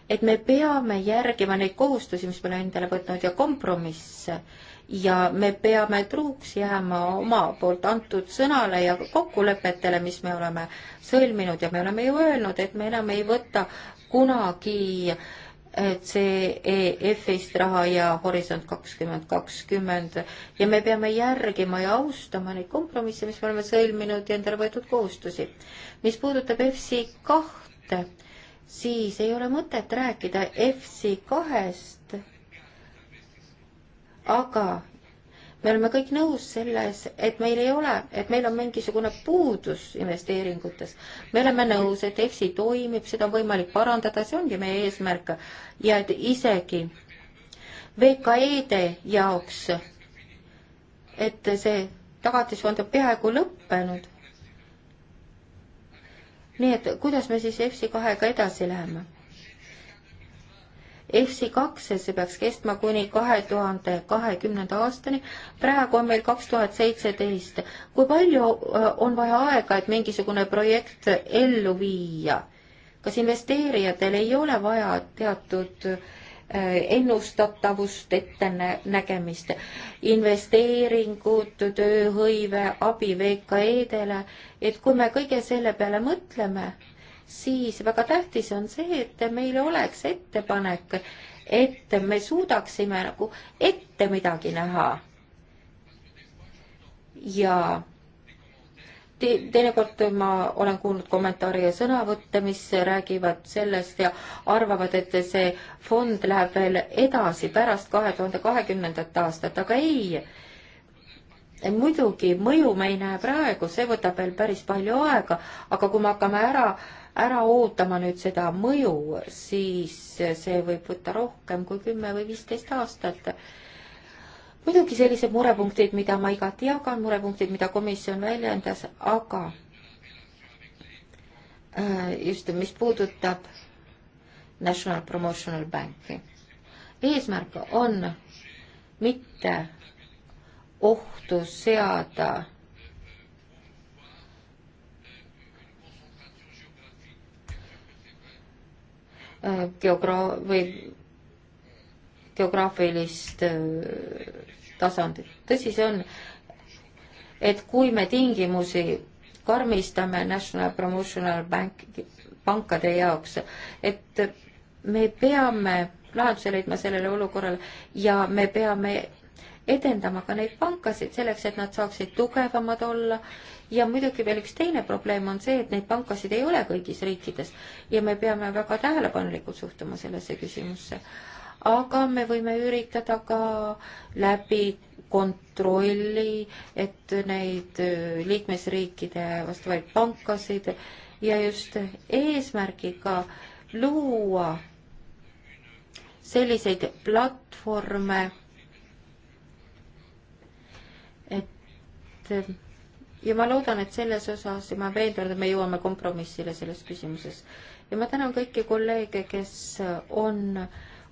et me peame järgima neid kohustusi, mis me oleme endale võtnud ja kompromisse ja me peame truuks jääma oma poolt antud sõnale ja kokkulepetele, mis me oleme sõlminud ja me oleme ju öelnud, et me enam ei võta kunagi CEF-ist raha ja Horisont kakskümmend kakskümmend ja me peame järgima ja austama neid kompromisse, mis me oleme sõlminud ja endale võetud kohustusi. mis puudutab EFSI kahte, siis ei ole mõtet rääkida EFSI kahest aga me oleme kõik nõus selles, et meil ei ole, et meil on mingisugune puudus investeeringutes. me oleme nõus, et EFSI toimib, seda on võimalik parandada, see ongi meie eesmärk ja et isegi VKE-de jaoks, et see tagatisfond on peaaegu lõppenud. nii et kuidas me siis EFSI kahega edasi läheme? EFSI kaks ja see peaks kestma kuni kahe tuhande kahekümnenda aastani. praegu on meil kaks tuhat seitseteist. kui palju on vaja aega, et mingisugune projekt ellu viia? kas investeerijatel ei ole vaja teatud ennustatavust, ettenägemist, investeeringud, tööhõive, abi VKE-dele, et kui me kõige selle peale mõtleme, siis väga tähtis on see, et meil oleks ettepanek, et me suudaksime nagu ette midagi näha. ja te, teinekord ma olen kuulnud kommentaare ja sõnavõtte, mis räägivad sellest ja arvavad, et see fond läheb veel edasi pärast kahe tuhande kahekümnendat aastat, aga ei. muidugi mõju me ei näe praegu, see võtab veel päris palju aega, aga kui me hakkame ära äh, ära ootama nüüd seda mõju, siis see võib võtta rohkem kui kümme või viisteist aastat. muidugi sellised murepunktid, mida ma igati jagan, murepunktid, mida komisjon väljendas, aga äh, just, mis puudutab National Promotional Banki. eesmärk on mitte ohtu seada Äh, geogra- või geograafilist äh, tasandit. tõsi see on, et kui me tingimusi karmistame National Promotional Bank, pankade jaoks, et me peame lahenduse leidma sellele olukorrale ja me peame edendama ka neid pankasid selleks, et nad saaksid tugevamad olla ja muidugi veel üks teine probleem on see, et neid pankasid ei ole kõigis riikides ja me peame väga tähelepanelikult suhtuma sellesse küsimusse. aga me võime üritada ka läbi kontrolli, et neid äh, liikmesriikide vastavaid pankasid ja just eesmärgiga luua selliseid platvorme, et äh, ja ma loodan, et selles osas ja ma olen veendunud, et me jõuame kompromissile selles küsimuses. ja ma tänan kõiki kolleege, kes on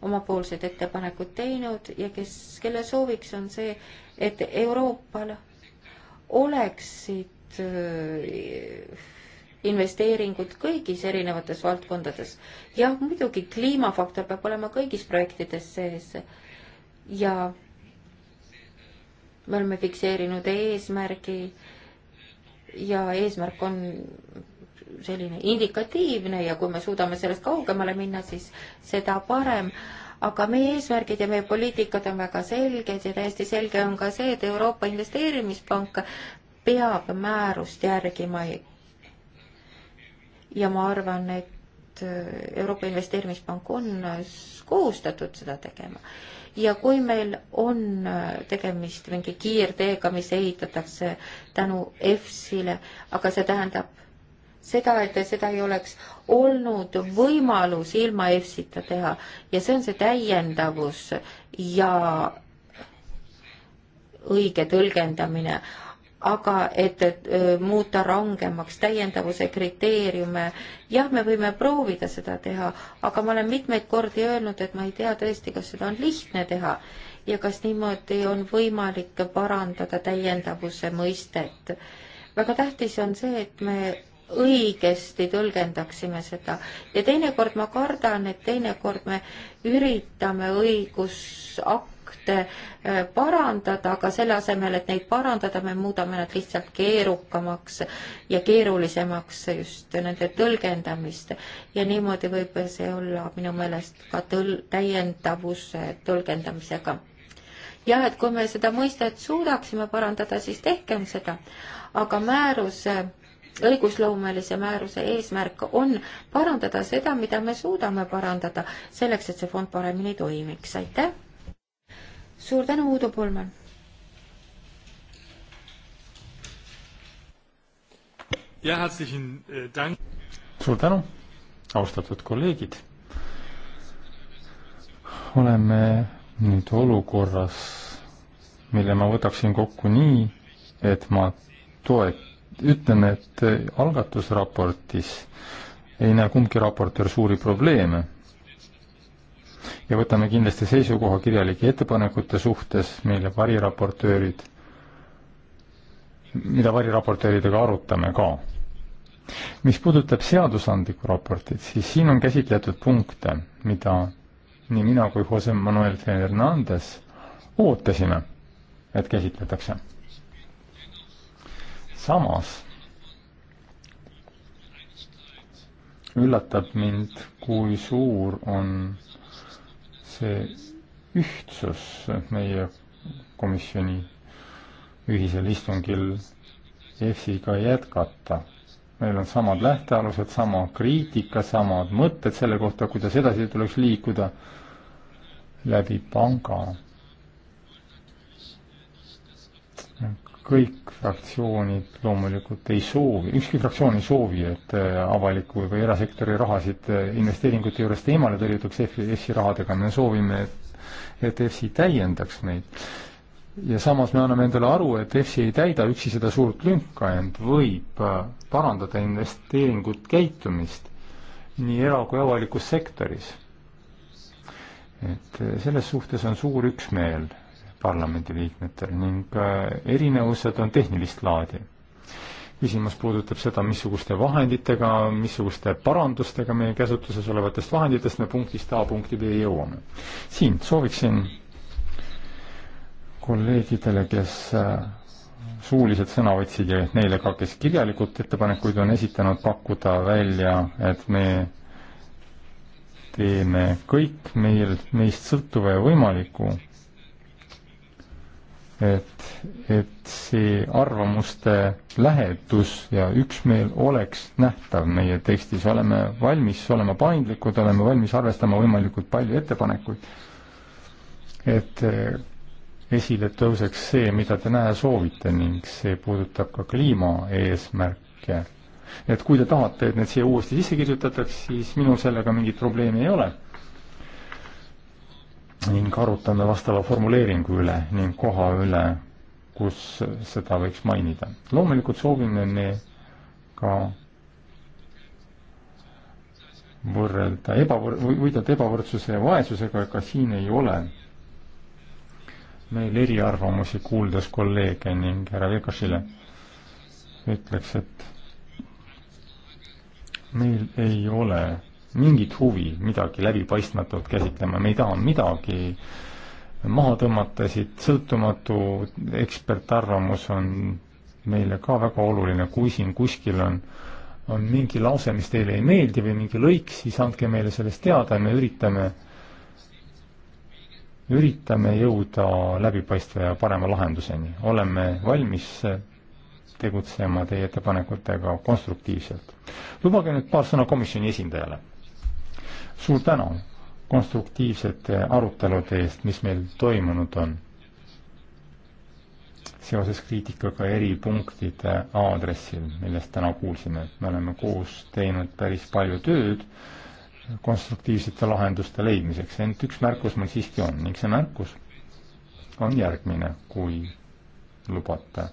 omapoolsed ettepanekud teinud ja kes, kelle sooviks on see, et Euroopal oleksid äh, investeeringud kõigis erinevates valdkondades. jah, muidugi kliimafaktor peab olema kõigis projektides sees ja me oleme fikseerinud eesmärgi äh, ja eesmärk on selline indikatiivne ja kui me suudame sellest kaugemale minna, siis seda parem. aga meie eesmärgid ja meie poliitikad on väga selged ja täiesti selge on ka see, et Euroopa Investeerimispank peab määrust järgima. ja ma arvan, et et äh, Euroopa Investeerimispank on äh, kohustatud seda tegema. ja kui meil on äh, tegemist mingi kiirteega, mis ehitatakse tänu EFSile, aga see tähendab seda, et seda ei oleks olnud võimalus ilma EFSita teha ja see on see täiendavus ja õige tõlgendamine aga et, et äh, muuta rangemaks täiendavuse kriteeriume, jah, me võime proovida seda teha, aga ma olen mitmeid kordi öelnud, et ma ei tea tõesti, kas seda on lihtne teha ja kas niimoodi on võimalik parandada täiendavuse mõistet. väga tähtis on see, et me õigesti tõlgendaksime seda. ja teinekord ma kardan, et teinekord me üritame õigusakti mitte äh, parandada, aga selle asemel, et neid parandada, me muudame nad lihtsalt keerukamaks ja keerulisemaks just nende tõlgendamist. ja niimoodi võib see olla minu meelest ka tõl-, täiendavus tõlgendamisega jah, et kui me seda mõistet suudaksime parandada, siis tehkem seda, aga määruse äh, õigusloomelise määruse eesmärk on parandada seda, mida me suudame parandada, selleks et see fond paremini toimiks, aitäh! suur tänu, Uudo Polman. Äh, suur tänu, austatud kolleegid. oleme nüüd olukorras, mille ma võtaksin kokku nii, et ma toet-, ütlen, et algatusraportis ei näe kumbki raportöör suuri probleeme ja võtame kindlasti seisukoha kirjalike ettepanekute suhtes, mille variraportöörid, mida variraportööridega arutame ka. mis puudutab seadusandlikku raportit, siis siin on käsitletud punkte, mida nii mina kui Jose Manuel Fernandez ootasime, et käsitletakse. samas üllatab mind, kui suur on see ühtsus meie komisjoni ühisel istungil EFSiga jätkata. meil on samad lähtealused, sama kriitika, samad mõtted selle kohta, kuidas edasi tuleks liikuda läbi panga kõik fraktsioonid loomulikult ei soovi, ükski fraktsioon ei soovi, et äh, avaliku või erasektori rahasid äh, investeeringute juurest eemale tõrjutakse EFSI rahadega, me soovime, et, et EFSI täiendaks meid. ja samas me anname endale aru, et EFSI ei täida üksi seda suurt lünka, ent võib äh, parandada investeeringut käitumist nii era- kui avalikus sektoris. et selles suhtes on suur üksmeel parlamendiliikmetel ning äh, erinevused on tehnilist laadi. küsimus puudutab seda, missuguste vahenditega, missuguste parandustega meie käsutuses olevatest vahenditest me punktist A punkti B jõuame. siin sooviksin kolleegidele, kes äh, suuliselt sõna võtsid ja neile ka, kes kirjalikult ettepanekuid on esitanud, pakkuda välja, et me teeme kõik meil, meist sõltuva ja võimaliku et, et see arvamuste lähedus ja üksmeel oleks nähtav meie tekstis, oleme valmis olema paindlikud, oleme valmis arvestama võimalikult palju ettepanekuid, et eh, esile tõuseks see, mida te näe soovite ning see puudutab ka kliimaeesmärke. et kui te tahate, et need siia uuesti sisse kirjutataks, siis minul sellega mingit probleemi ei ole ning arutame vastava formuleeringu üle ning koha üle, kus seda võiks mainida. loomulikult soovime me ka võrrelda ebavõr-, võidelda ebavõrdsuse ja vaesusega, ega siin ei ole meil eriarvamusi, kuuldes kolleege ning härra Vekasile ütleks, et meil ei ole mingit huvi midagi läbipaistmatut käsitlema, me ei taha midagi maha tõmmata siit, sõltumatu ekspertarvamus on meile ka väga oluline, kui siin kuskil on, on mingi lause, mis teile ei meeldi või mingi lõik, siis andke meile sellest teada, me üritame, üritame jõuda läbipaistva ja parema lahenduseni. oleme valmis tegutsema teie ettepanekutega konstruktiivselt. lubage nüüd paar sõna komisjoni esindajale suur tänu konstruktiivsete arutelude eest, mis meil toimunud on seoses kriitikaga eripunktide aadressil, millest täna kuulsime, et me oleme koos teinud päris palju tööd konstruktiivsete lahenduste leidmiseks, ent üks märkus mul siiski on ning see märkus on järgmine, kui lubate.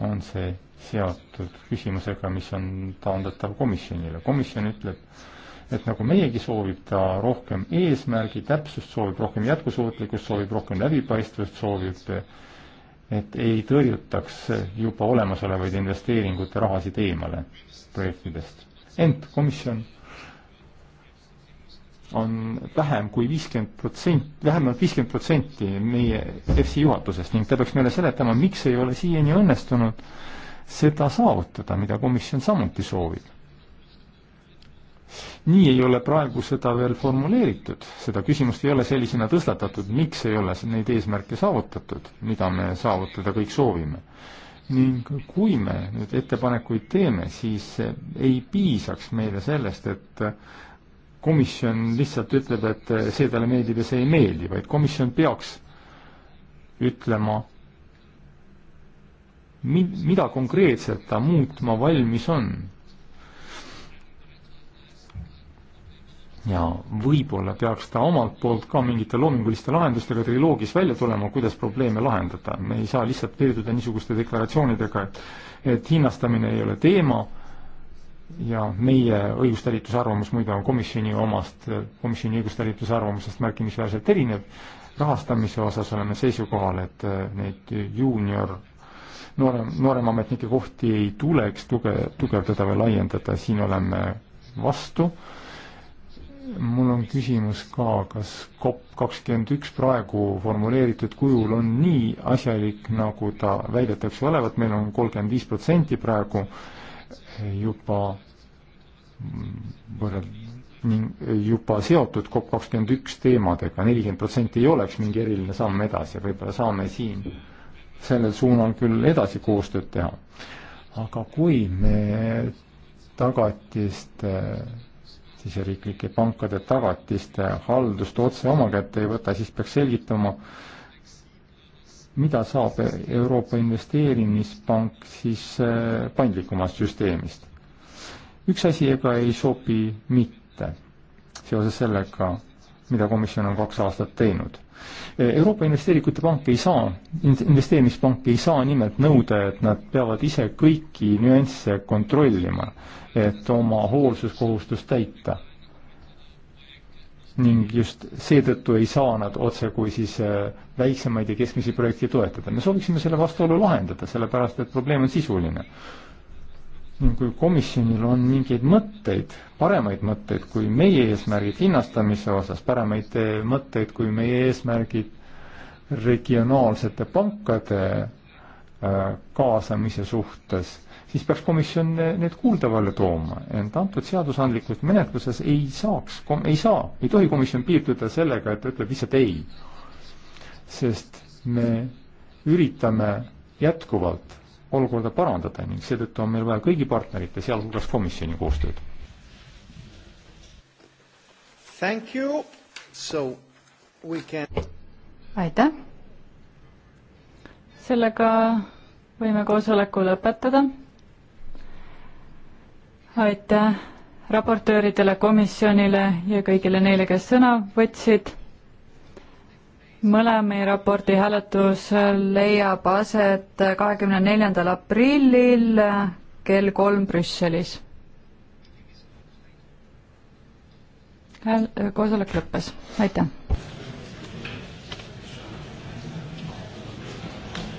on see seotud küsimusega, mis on taandatav komisjonile. komisjon ütleb, et nagu meiegi soovib ta rohkem eesmärgi täpsust, soovib rohkem jätkusuutlikkust, soovib rohkem läbipaistvust, soovib, et ei tõrjutaks juba olemasolevaid investeeringute rahasid eemale projektidest. ent komisjon on vähem kui viiskümmend protsenti, vähemalt viiskümmend protsenti meie EFSi juhatusest ning ta peaks meile seletama, miks ei ole siiani õnnestunud seda saavutada, mida komisjon samuti soovib nii ei ole praegu seda veel formuleeritud, seda küsimust ei ole sellisena tõstatatud, miks ei ole neid eesmärke saavutatud, mida me saavutada kõik soovime. ning kui me nüüd ettepanekuid teeme, siis ei piisaks meile sellest, et komisjon lihtsalt ütleb, et see talle meeldib ja see ei meeldi, vaid komisjon peaks ütlema, mi-, mida konkreetselt ta muutma valmis on ja võib-olla peaks ta omalt poolt ka mingite loominguliste lahendustega triloogis välja tulema, kuidas probleeme lahendada. me ei saa lihtsalt piirduda niisuguste deklaratsioonidega, et et hinnastamine ei ole teema ja meie õigustalituse arvamus muide on komisjoni omast, komisjoni õigustalituse arvamusest märkimisväärselt erinev, rahastamise osas oleme seisukohal, et neid juunior noorem, nooremametnike kohti ei tuleks tuge, tugevdada või laiendada, siin oleme vastu mul on küsimus ka, kas COP kakskümmend üks praegu formuleeritud kujul on nii asjalik, nagu ta väidetakse olevat, meil on kolmkümmend viis protsenti praegu juba võrreld-, juba seotud COP kakskümmend üks teemadega, nelikümmend protsenti ei oleks mingi eriline samm edasi, võib-olla saame siin sellel suunal küll edasi koostööd teha. aga kui me tagatiste siseriiklike pankade tagatiste haldust otse oma kätte ei võta, siis peaks selgitama, mida saab Euroopa Investeerimispank siis eh, paindlikumast süsteemist. üks asi ega ei sobi mitte. seoses sellega mida komisjon on kaks aastat teinud. Euroopa Investeeringute Pank ei saa, investeerimispank ei saa nimelt nõuda, et nad peavad ise kõiki nüansse kontrollima, et oma hoolsuskohustust täita. ning just seetõttu ei saa nad otsekui siis äh, väiksemaid ja keskmisi projekte toetada. me sooviksime selle vastuolu lahendada, sellepärast et probleem on sisuline ning kui komisjonil on mingeid mõtteid, paremaid mõtteid kui meie eesmärgid hinnastamise osas, paremaid mõtteid kui meie eesmärgid regionaalsete pankade äh, kaasamise suhtes, siis peaks komisjon need kuuldavale tooma, ent antud seadusandlikus menetluses ei saaks, ei saa, ei tohi komisjon piirduda sellega, et ta ütleb lihtsalt ei. sest me üritame jätkuvalt olukorda parandada ning seetõttu on meil vaja kõigi partnerite, sealhulgas komisjoni koostööd. Thank you, so we can aitäh! sellega võime koosoleku lõpetada. aitäh raportööridele, komisjonile ja kõigile neile, kes sõna võtsid mõlemi raporti hääletus leiab aset kahekümne neljandal aprillil kell kolm Brüsselis. hääl-, koosolek lõppes, aitäh!